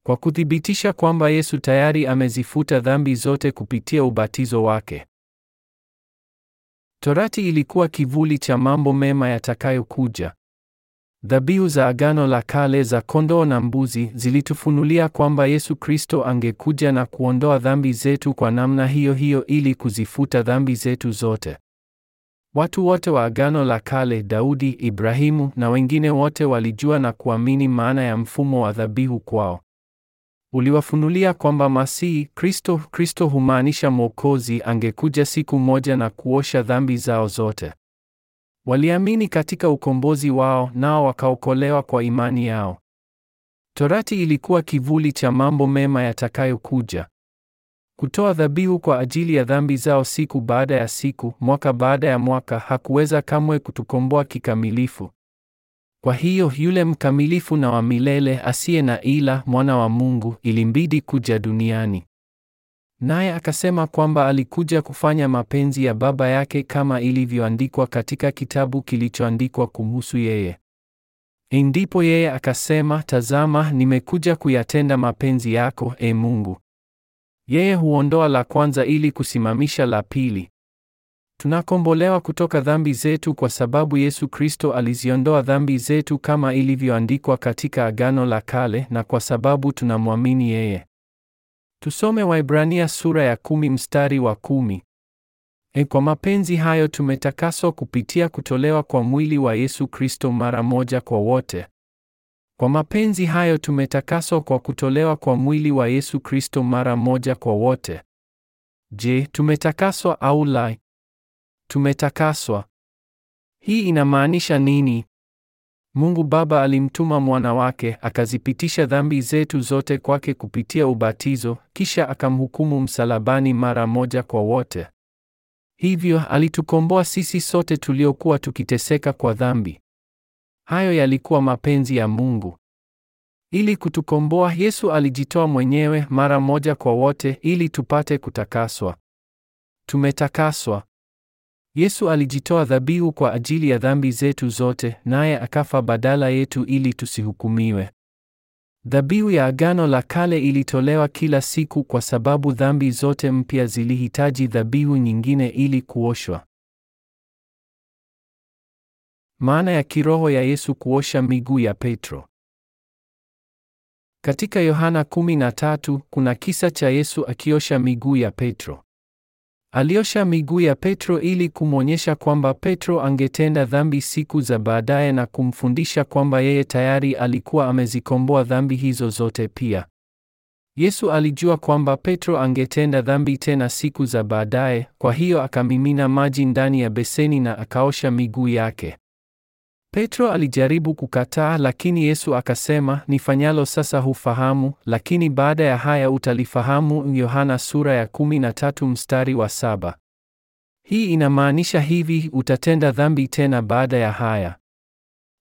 Kwa kuthibitisha kwamba Yesu tayari amezifuta dhambi zote kupitia ubatizo wake. Torati ilikuwa kivuli cha mambo mema yatakayokuja. Dhabihu za Agano la Kale za kondoo na mbuzi zilitufunulia kwamba Yesu Kristo angekuja na kuondoa dhambi zetu kwa namna hiyo hiyo ili kuzifuta dhambi zetu zote. Watu wote wa Agano la Kale, Daudi, Ibrahimu na wengine wote walijua na kuamini maana ya mfumo wa dhabihu kwao. Uliwafunulia kwamba Masihi Kristo, Kristo humaanisha Mwokozi, angekuja siku moja na kuosha dhambi zao zote. Waliamini katika ukombozi wao nao wakaokolewa kwa imani yao. Torati ilikuwa kivuli cha mambo mema yatakayokuja. Kutoa dhabihu kwa ajili ya dhambi zao siku baada ya siku, mwaka baada ya mwaka hakuweza kamwe kutukomboa kikamilifu. Kwa hiyo yule mkamilifu na wa milele asiye na ila, mwana wa Mungu, ilimbidi kuja duniani. Naye akasema kwamba alikuja kufanya mapenzi ya Baba yake kama ilivyoandikwa katika kitabu kilichoandikwa kumhusu yeye. Ndipo yeye akasema, tazama, nimekuja kuyatenda mapenzi yako, e Mungu. Yeye huondoa la kwanza ili kusimamisha la pili. Tunakombolewa kutoka dhambi zetu kwa sababu Yesu Kristo aliziondoa dhambi zetu kama ilivyoandikwa katika Agano la Kale na kwa sababu tunamwamini yeye. Tusome Waibrania sura ya kumi mstari wa kumi. E, kwa mapenzi hayo tumetakaswa kupitia kutolewa kwa mwili wa Yesu Kristo mara moja kwa wote kwa mapenzi hayo tumetakaswa kwa kutolewa kwa mwili wa Yesu Kristo mara moja kwa wote. Je, tumetakaswa au la? Tumetakaswa. Hii inamaanisha nini? Mungu Baba alimtuma mwana wake akazipitisha dhambi zetu zote kwake kupitia ubatizo, kisha akamhukumu msalabani mara moja kwa wote. Hivyo alitukomboa sisi sote tuliokuwa tukiteseka kwa dhambi. Hayo yalikuwa mapenzi ya Mungu. Ili kutukomboa, Yesu alijitoa mwenyewe mara moja kwa wote ili tupate kutakaswa. Tumetakaswa. Yesu alijitoa dhabihu kwa ajili ya dhambi zetu zote, naye akafa badala yetu ili tusihukumiwe. Dhabihu ya Agano la Kale ilitolewa kila siku kwa sababu dhambi zote mpya zilihitaji dhabihu nyingine ili kuoshwa. Maana ya kiroho ya Yesu kuosha miguu ya Petro. Katika Yohana 13 kuna kisa cha Yesu akiosha miguu ya Petro. Aliosha miguu ya Petro ili kumwonyesha kwamba Petro angetenda dhambi siku za baadaye na kumfundisha kwamba yeye tayari alikuwa amezikomboa dhambi hizo zote pia. Yesu alijua kwamba Petro angetenda dhambi tena siku za baadaye, kwa hiyo akamimina maji ndani ya beseni na akaosha miguu yake. Petro alijaribu kukataa, lakini Yesu akasema, nifanyalo sasa hufahamu, lakini baada ya haya utalifahamu. Yohana sura ya 13 mstari wa saba. Hii inamaanisha hivi: utatenda dhambi tena baada ya haya,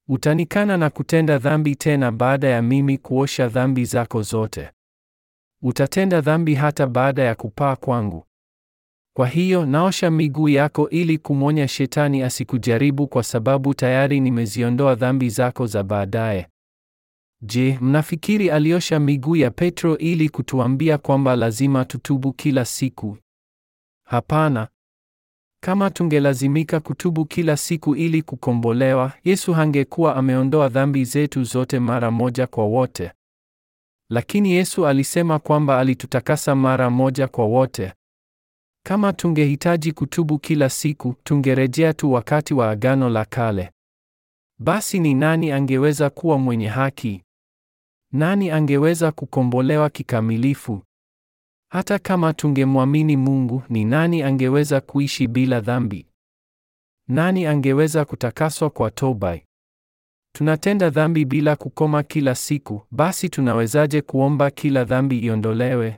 utanikana na kutenda dhambi tena baada ya mimi kuosha dhambi zako zote, utatenda dhambi hata baada ya kupaa kwangu. Kwa hiyo naosha miguu yako ili kumwonya shetani asikujaribu kwa sababu tayari nimeziondoa dhambi zako za baadaye. Je, mnafikiri aliosha miguu ya Petro ili kutuambia kwamba lazima tutubu kila siku? Hapana. Kama tungelazimika kutubu kila siku ili kukombolewa, Yesu hangekuwa ameondoa dhambi zetu zote mara moja kwa wote. Lakini Yesu alisema kwamba alitutakasa mara moja kwa wote. Kama tungehitaji kutubu kila siku, tungerejea tu wakati wa Agano la Kale. Basi ni nani angeweza kuwa mwenye haki? Nani angeweza kukombolewa kikamilifu? Hata kama tungemwamini Mungu, ni nani angeweza kuishi bila dhambi? Nani angeweza kutakaswa kwa toba? Tunatenda dhambi bila kukoma kila siku, basi tunawezaje kuomba kila dhambi iondolewe?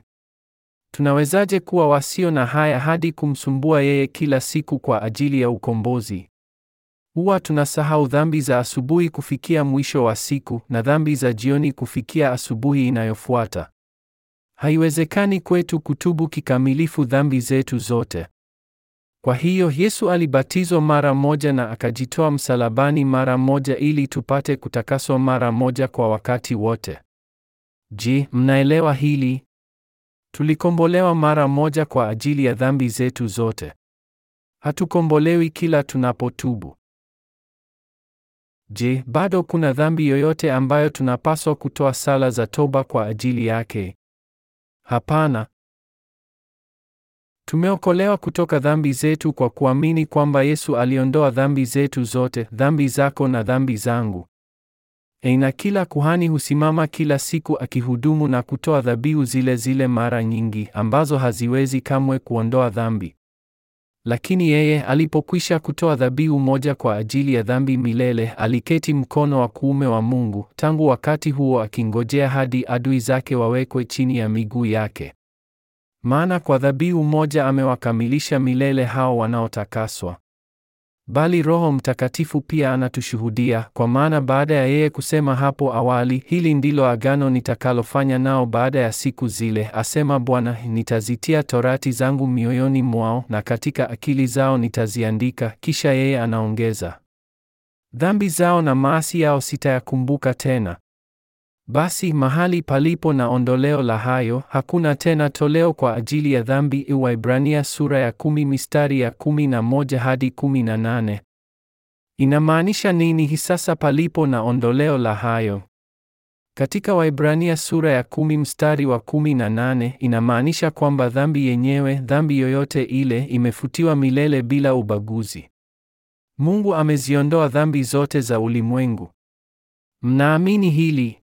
Tunawezaje kuwa wasio na haya hadi kumsumbua yeye kila siku kwa ajili ya ukombozi? Huwa tunasahau dhambi za asubuhi kufikia mwisho wa siku na dhambi za jioni kufikia asubuhi inayofuata. Haiwezekani kwetu kutubu kikamilifu dhambi zetu zote. Kwa hiyo Yesu alibatizwa mara moja na akajitoa msalabani mara moja ili tupate kutakaswa mara moja kwa wakati wote. Je, mnaelewa hili? Tulikombolewa mara moja kwa ajili ya dhambi zetu zote. Hatukombolewi kila tunapotubu. Je, bado kuna dhambi yoyote ambayo tunapaswa kutoa sala za toba kwa ajili yake? Hapana. Tumeokolewa kutoka dhambi zetu kwa kuamini kwamba Yesu aliondoa dhambi zetu zote, dhambi zako na dhambi zangu. Eina kila kuhani husimama kila siku akihudumu na kutoa dhabihu zile zile mara nyingi ambazo haziwezi kamwe kuondoa dhambi. Lakini yeye alipokwisha kutoa dhabihu moja kwa ajili ya dhambi milele, aliketi mkono wa kuume wa Mungu, tangu wakati huo akingojea hadi adui zake wawekwe chini ya miguu yake. Maana kwa dhabihu moja amewakamilisha milele hao wanaotakaswa. Bali Roho Mtakatifu pia anatushuhudia, kwa maana baada ya yeye kusema hapo awali, hili ndilo agano nitakalofanya nao baada ya siku zile, asema Bwana, nitazitia torati zangu mioyoni mwao na katika akili zao nitaziandika. Kisha yeye anaongeza, dhambi zao na maasi yao sitayakumbuka tena. Basi mahali palipo na ondoleo la hayo, hakuna tena toleo kwa ajili ya dhambi. Waibrania sura ya kumi mistari ya kumi na moja hadi kumi na nane. Inamaanisha nini sasa palipo na ondoleo la hayo? Katika Waibrania sura ya kumi mstari wa kumi na nane inamaanisha kwamba dhambi yenyewe, dhambi yoyote ile, imefutiwa milele bila ubaguzi. Mungu ameziondoa dhambi zote za ulimwengu. Mnaamini hili?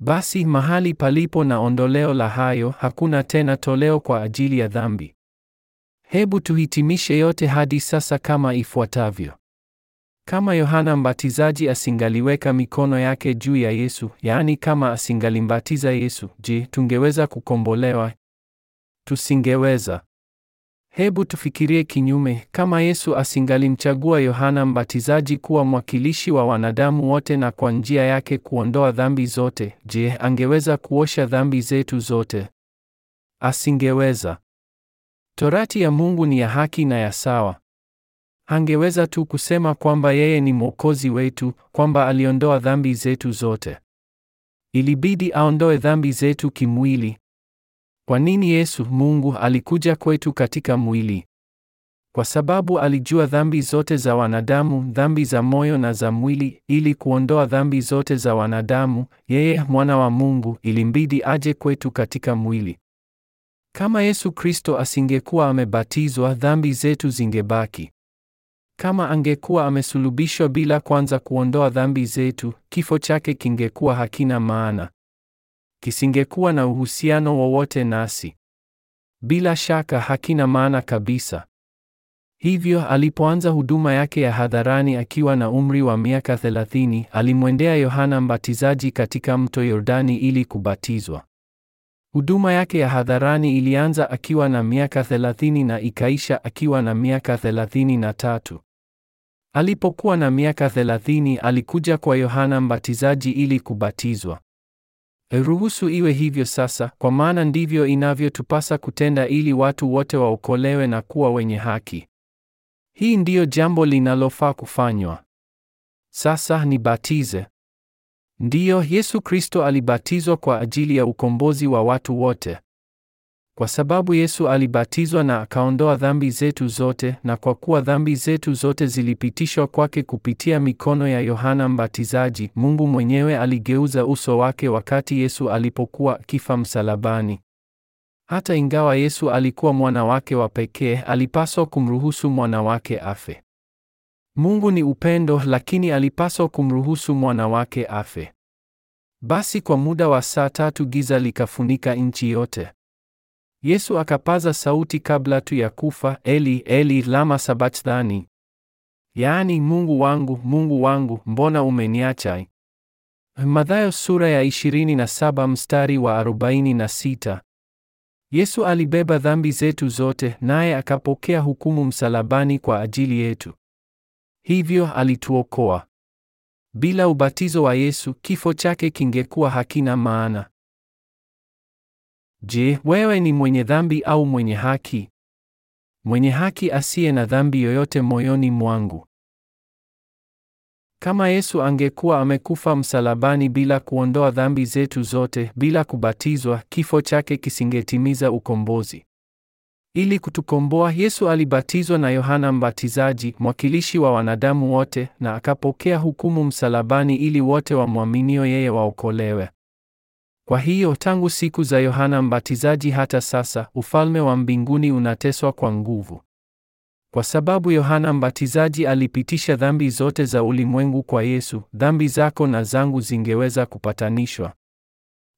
Basi mahali palipo na ondoleo la hayo hakuna tena toleo kwa ajili ya dhambi. Hebu tuhitimishe yote hadi sasa kama ifuatavyo. Kama Yohana Mbatizaji asingaliweka mikono yake juu ya Yesu, yaani kama asingalimbatiza Yesu, je, tungeweza kukombolewa? Tusingeweza. Hebu tufikirie kinyume, kama Yesu asingalimchagua Yohana Mbatizaji kuwa mwakilishi wa wanadamu wote na kwa njia yake kuondoa dhambi zote, je, angeweza kuosha dhambi zetu zote? Asingeweza. Torati ya Mungu ni ya haki na ya sawa. Angeweza tu kusema kwamba yeye ni mwokozi wetu, kwamba aliondoa dhambi zetu zote. Ilibidi aondoe dhambi zetu kimwili, kwa nini Yesu Mungu alikuja kwetu katika mwili? Kwa sababu alijua dhambi zote za wanadamu, dhambi za moyo na za mwili, ili kuondoa dhambi zote za wanadamu, yeye mwana wa Mungu ilimbidi aje kwetu katika mwili. Kama Yesu Kristo asingekuwa amebatizwa, dhambi zetu zingebaki. Kama angekuwa amesulubishwa bila kwanza kuondoa dhambi zetu, kifo chake kingekuwa hakina maana kisingekuwa na uhusiano wowote nasi. Bila shaka hakina maana kabisa. Hivyo alipoanza huduma yake ya hadharani akiwa na umri wa miaka 30, alimwendea Yohana Mbatizaji katika mto Yordani ili kubatizwa. Huduma yake ya hadharani ilianza akiwa na miaka 30 na ikaisha akiwa na miaka 33. Alipokuwa na miaka 30, alikuja kwa Yohana Mbatizaji ili kubatizwa. Ruhusu iwe hivyo sasa, kwa maana ndivyo inavyotupasa kutenda ili watu wote waokolewe na kuwa wenye haki. Hii ndiyo jambo linalofaa kufanywa. Sasa nibatize. Ndiyo, Yesu Kristo alibatizwa kwa ajili ya ukombozi wa watu wote. Kwa sababu Yesu alibatizwa na akaondoa dhambi zetu zote, na kwa kuwa dhambi zetu zote zilipitishwa kwake kupitia mikono ya Yohana Mbatizaji, Mungu mwenyewe aligeuza uso wake wakati Yesu alipokuwa kifa msalabani. Hata ingawa Yesu alikuwa mwana wake wa pekee, alipaswa kumruhusu mwana wake afe. Mungu ni upendo, lakini alipaswa kumruhusu mwana wake afe. Basi kwa muda wa saa tatu giza likafunika nchi yote. Yesu akapaza sauti kabla tu ya kufa, Eli Eli lama sabachthani, yaani Mungu wangu, Mungu wangu, mbona umeniacha? Mathayo sura ya 27 mstari wa 46. Yesu alibeba dhambi zetu zote naye akapokea hukumu msalabani kwa ajili yetu. Hivyo alituokoa. Bila ubatizo wa Yesu, kifo chake kingekuwa hakina maana. Je, wewe ni mwenye dhambi au mwenye haki? Mwenye haki asiye na dhambi yoyote moyoni mwangu. Kama Yesu angekuwa amekufa msalabani bila kuondoa dhambi zetu zote, bila kubatizwa, kifo chake kisingetimiza ukombozi. Ili kutukomboa, Yesu alibatizwa na Yohana Mbatizaji, mwakilishi wa wanadamu wote, na akapokea hukumu msalabani ili wote wamwaminio yeye waokolewe. Kwa hiyo tangu siku za Yohana Mbatizaji hata sasa ufalme wa mbinguni unateswa kwa nguvu. Kwa sababu Yohana Mbatizaji alipitisha dhambi zote za ulimwengu kwa Yesu, dhambi zako na zangu zingeweza kupatanishwa.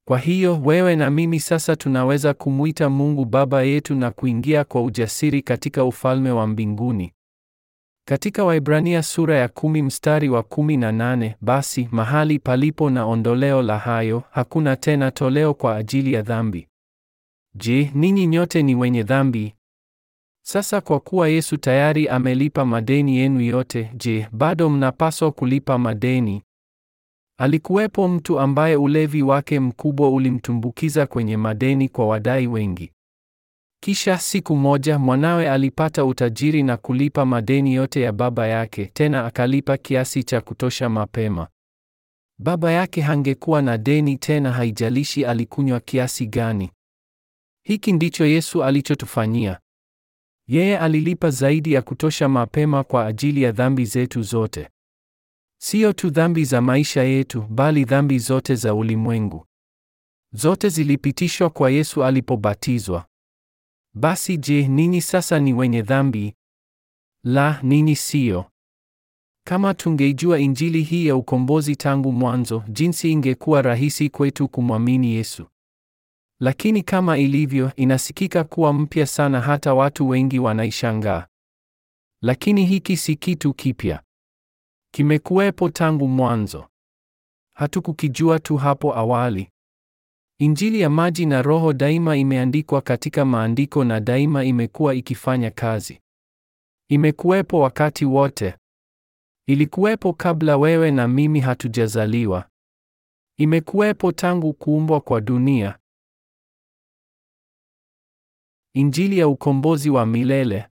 Kwa hiyo wewe na mimi sasa tunaweza kumwita Mungu Baba yetu na kuingia kwa ujasiri katika ufalme wa mbinguni. Katika Waibrania sura ya kumi mstari wa kumi na nane basi mahali palipo na ondoleo la hayo hakuna tena toleo kwa ajili ya dhambi. Je, ninyi nyote ni wenye dhambi? Sasa kwa kuwa Yesu tayari amelipa madeni yenu yote, je, bado mnapaswa kulipa madeni? Alikuwepo mtu ambaye ulevi wake mkubwa ulimtumbukiza kwenye madeni kwa wadai wengi. Kisha siku moja mwanawe alipata utajiri na kulipa madeni yote ya baba yake, tena akalipa kiasi cha kutosha mapema. Baba yake hangekuwa na deni tena, haijalishi alikunywa kiasi gani. Hiki ndicho Yesu alichotufanyia. Yeye alilipa zaidi ya kutosha mapema kwa ajili ya dhambi zetu zote. Sio tu dhambi za maisha yetu, bali dhambi zote za ulimwengu. Zote zilipitishwa kwa Yesu alipobatizwa. Basi je, ninyi sasa ni wenye dhambi? La, ninyi siyo. Kama tungeijua injili hii ya ukombozi tangu mwanzo, jinsi ingekuwa rahisi kwetu kumwamini Yesu. Lakini kama ilivyo, inasikika kuwa mpya sana, hata watu wengi wanaishangaa. Lakini hiki si kitu kipya, kimekuwepo tangu mwanzo. Hatukukijua tu hapo awali. Injili ya maji na Roho daima imeandikwa katika maandiko na daima imekuwa ikifanya kazi. Imekuwepo wakati wote. Ilikuwepo kabla wewe na mimi hatujazaliwa. Imekuwepo tangu kuumbwa kwa dunia. Injili ya ukombozi wa milele.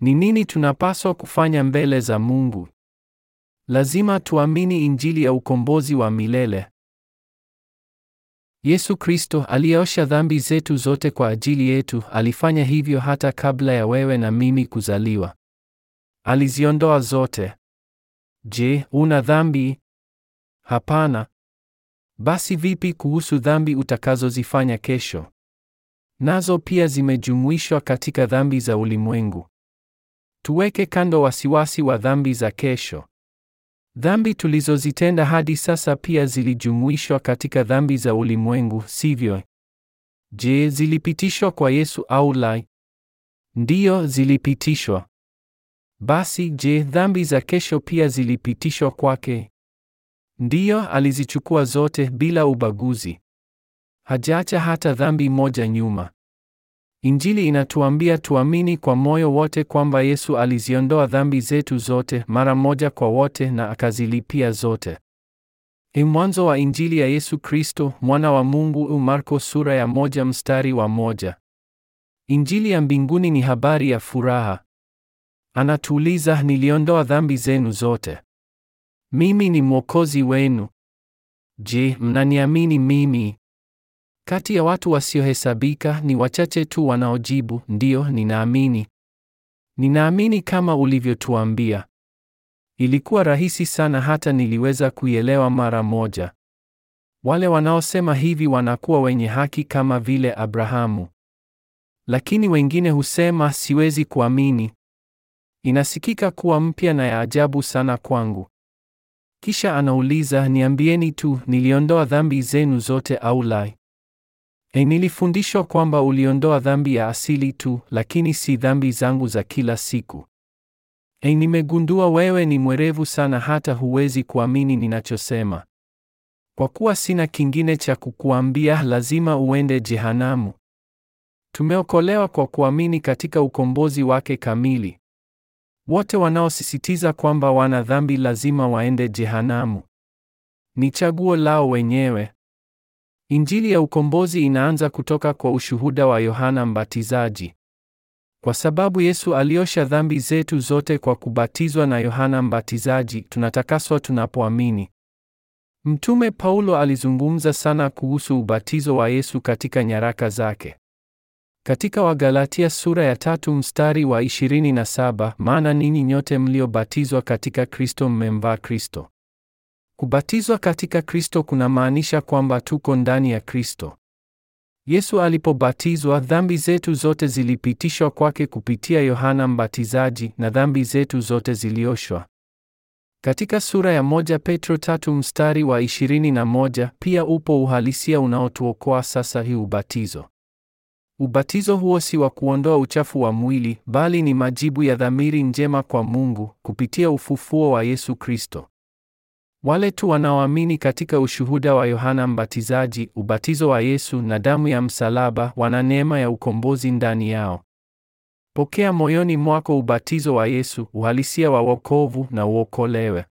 Ni nini tunapaswa kufanya mbele za Mungu? Lazima tuamini injili ya ukombozi wa milele. Yesu Kristo aliyeosha dhambi zetu zote kwa ajili yetu, alifanya hivyo hata kabla ya wewe na mimi kuzaliwa. Aliziondoa zote. Je, una dhambi? Hapana. Basi vipi kuhusu dhambi utakazozifanya kesho? Nazo pia zimejumuishwa katika dhambi za ulimwengu. Tuweke kando wasiwasi wa dhambi za kesho. Dhambi tulizozitenda hadi sasa pia zilijumuishwa katika dhambi za ulimwengu, sivyo? Je, zilipitishwa kwa Yesu au la? Ndiyo, zilipitishwa. Basi je, dhambi za kesho pia zilipitishwa kwake? Ndiyo, alizichukua zote bila ubaguzi. Hajaacha hata dhambi moja nyuma. Injili inatuambia tuamini kwa moyo wote kwamba Yesu aliziondoa dhambi zetu zote mara moja kwa wote na akazilipia zote. Ni mwanzo wa Injili ya Yesu Kristo, mwana wa Mungu, Marko sura ya moja mstari wa moja. Injili ya mbinguni ni habari ya furaha. Anatuuliza, niliondoa dhambi zenu zote. Mimi ni Mwokozi wenu. Je, mnaniamini mimi? Kati ya watu wasiohesabika ni wachache tu wanaojibu ndiyo, ninaamini. Ninaamini kama ulivyotuambia. Ilikuwa rahisi sana hata niliweza kuielewa mara moja. Wale wanaosema hivi wanakuwa wenye haki kama vile Abrahamu. Lakini wengine husema siwezi kuamini. Inasikika kuwa mpya na ya ajabu sana kwangu. Kisha anauliza, niambieni tu niliondoa dhambi zenu zote au la? E, nilifundishwa kwamba uliondoa dhambi ya asili tu, lakini si dhambi zangu za kila siku. E, nimegundua wewe ni mwerevu sana hata huwezi kuamini ninachosema. Kwa kuwa sina kingine cha kukuambia, lazima uende jehanamu. Tumeokolewa kwa kuamini katika ukombozi wake kamili. Wote wanaosisitiza kwamba wana dhambi lazima waende jehanamu. Ni chaguo lao wenyewe. Injili ya ukombozi inaanza kutoka kwa ushuhuda wa Yohana Mbatizaji. Kwa sababu Yesu aliosha dhambi zetu zote kwa kubatizwa na Yohana Mbatizaji, tunatakaswa tunapoamini. Mtume Paulo alizungumza sana kuhusu ubatizo wa Yesu katika nyaraka zake. Katika Wagalatia sura ya tatu mstari wa 27, maana ninyi nyote mliobatizwa katika Kristo mmemvaa Kristo. Kubatizwa katika Kristo kunamaanisha kwamba tuko ndani ya Kristo. Yesu alipobatizwa, dhambi zetu zote zilipitishwa kwake kupitia Yohana Mbatizaji na dhambi zetu zote zilioshwa. Katika sura ya moja Petro tatu mstari wa 21 pia upo uhalisia unaotuokoa sasa hii ubatizo. Ubatizo huo si wa kuondoa uchafu wa mwili, bali ni majibu ya dhamiri njema kwa Mungu kupitia ufufuo wa Yesu Kristo. Wale tu wanaoamini katika ushuhuda wa Yohana Mbatizaji, ubatizo wa Yesu na damu ya msalaba wana neema ya ukombozi ndani yao. Pokea moyoni mwako ubatizo wa Yesu, uhalisia wa wokovu na uokolewe.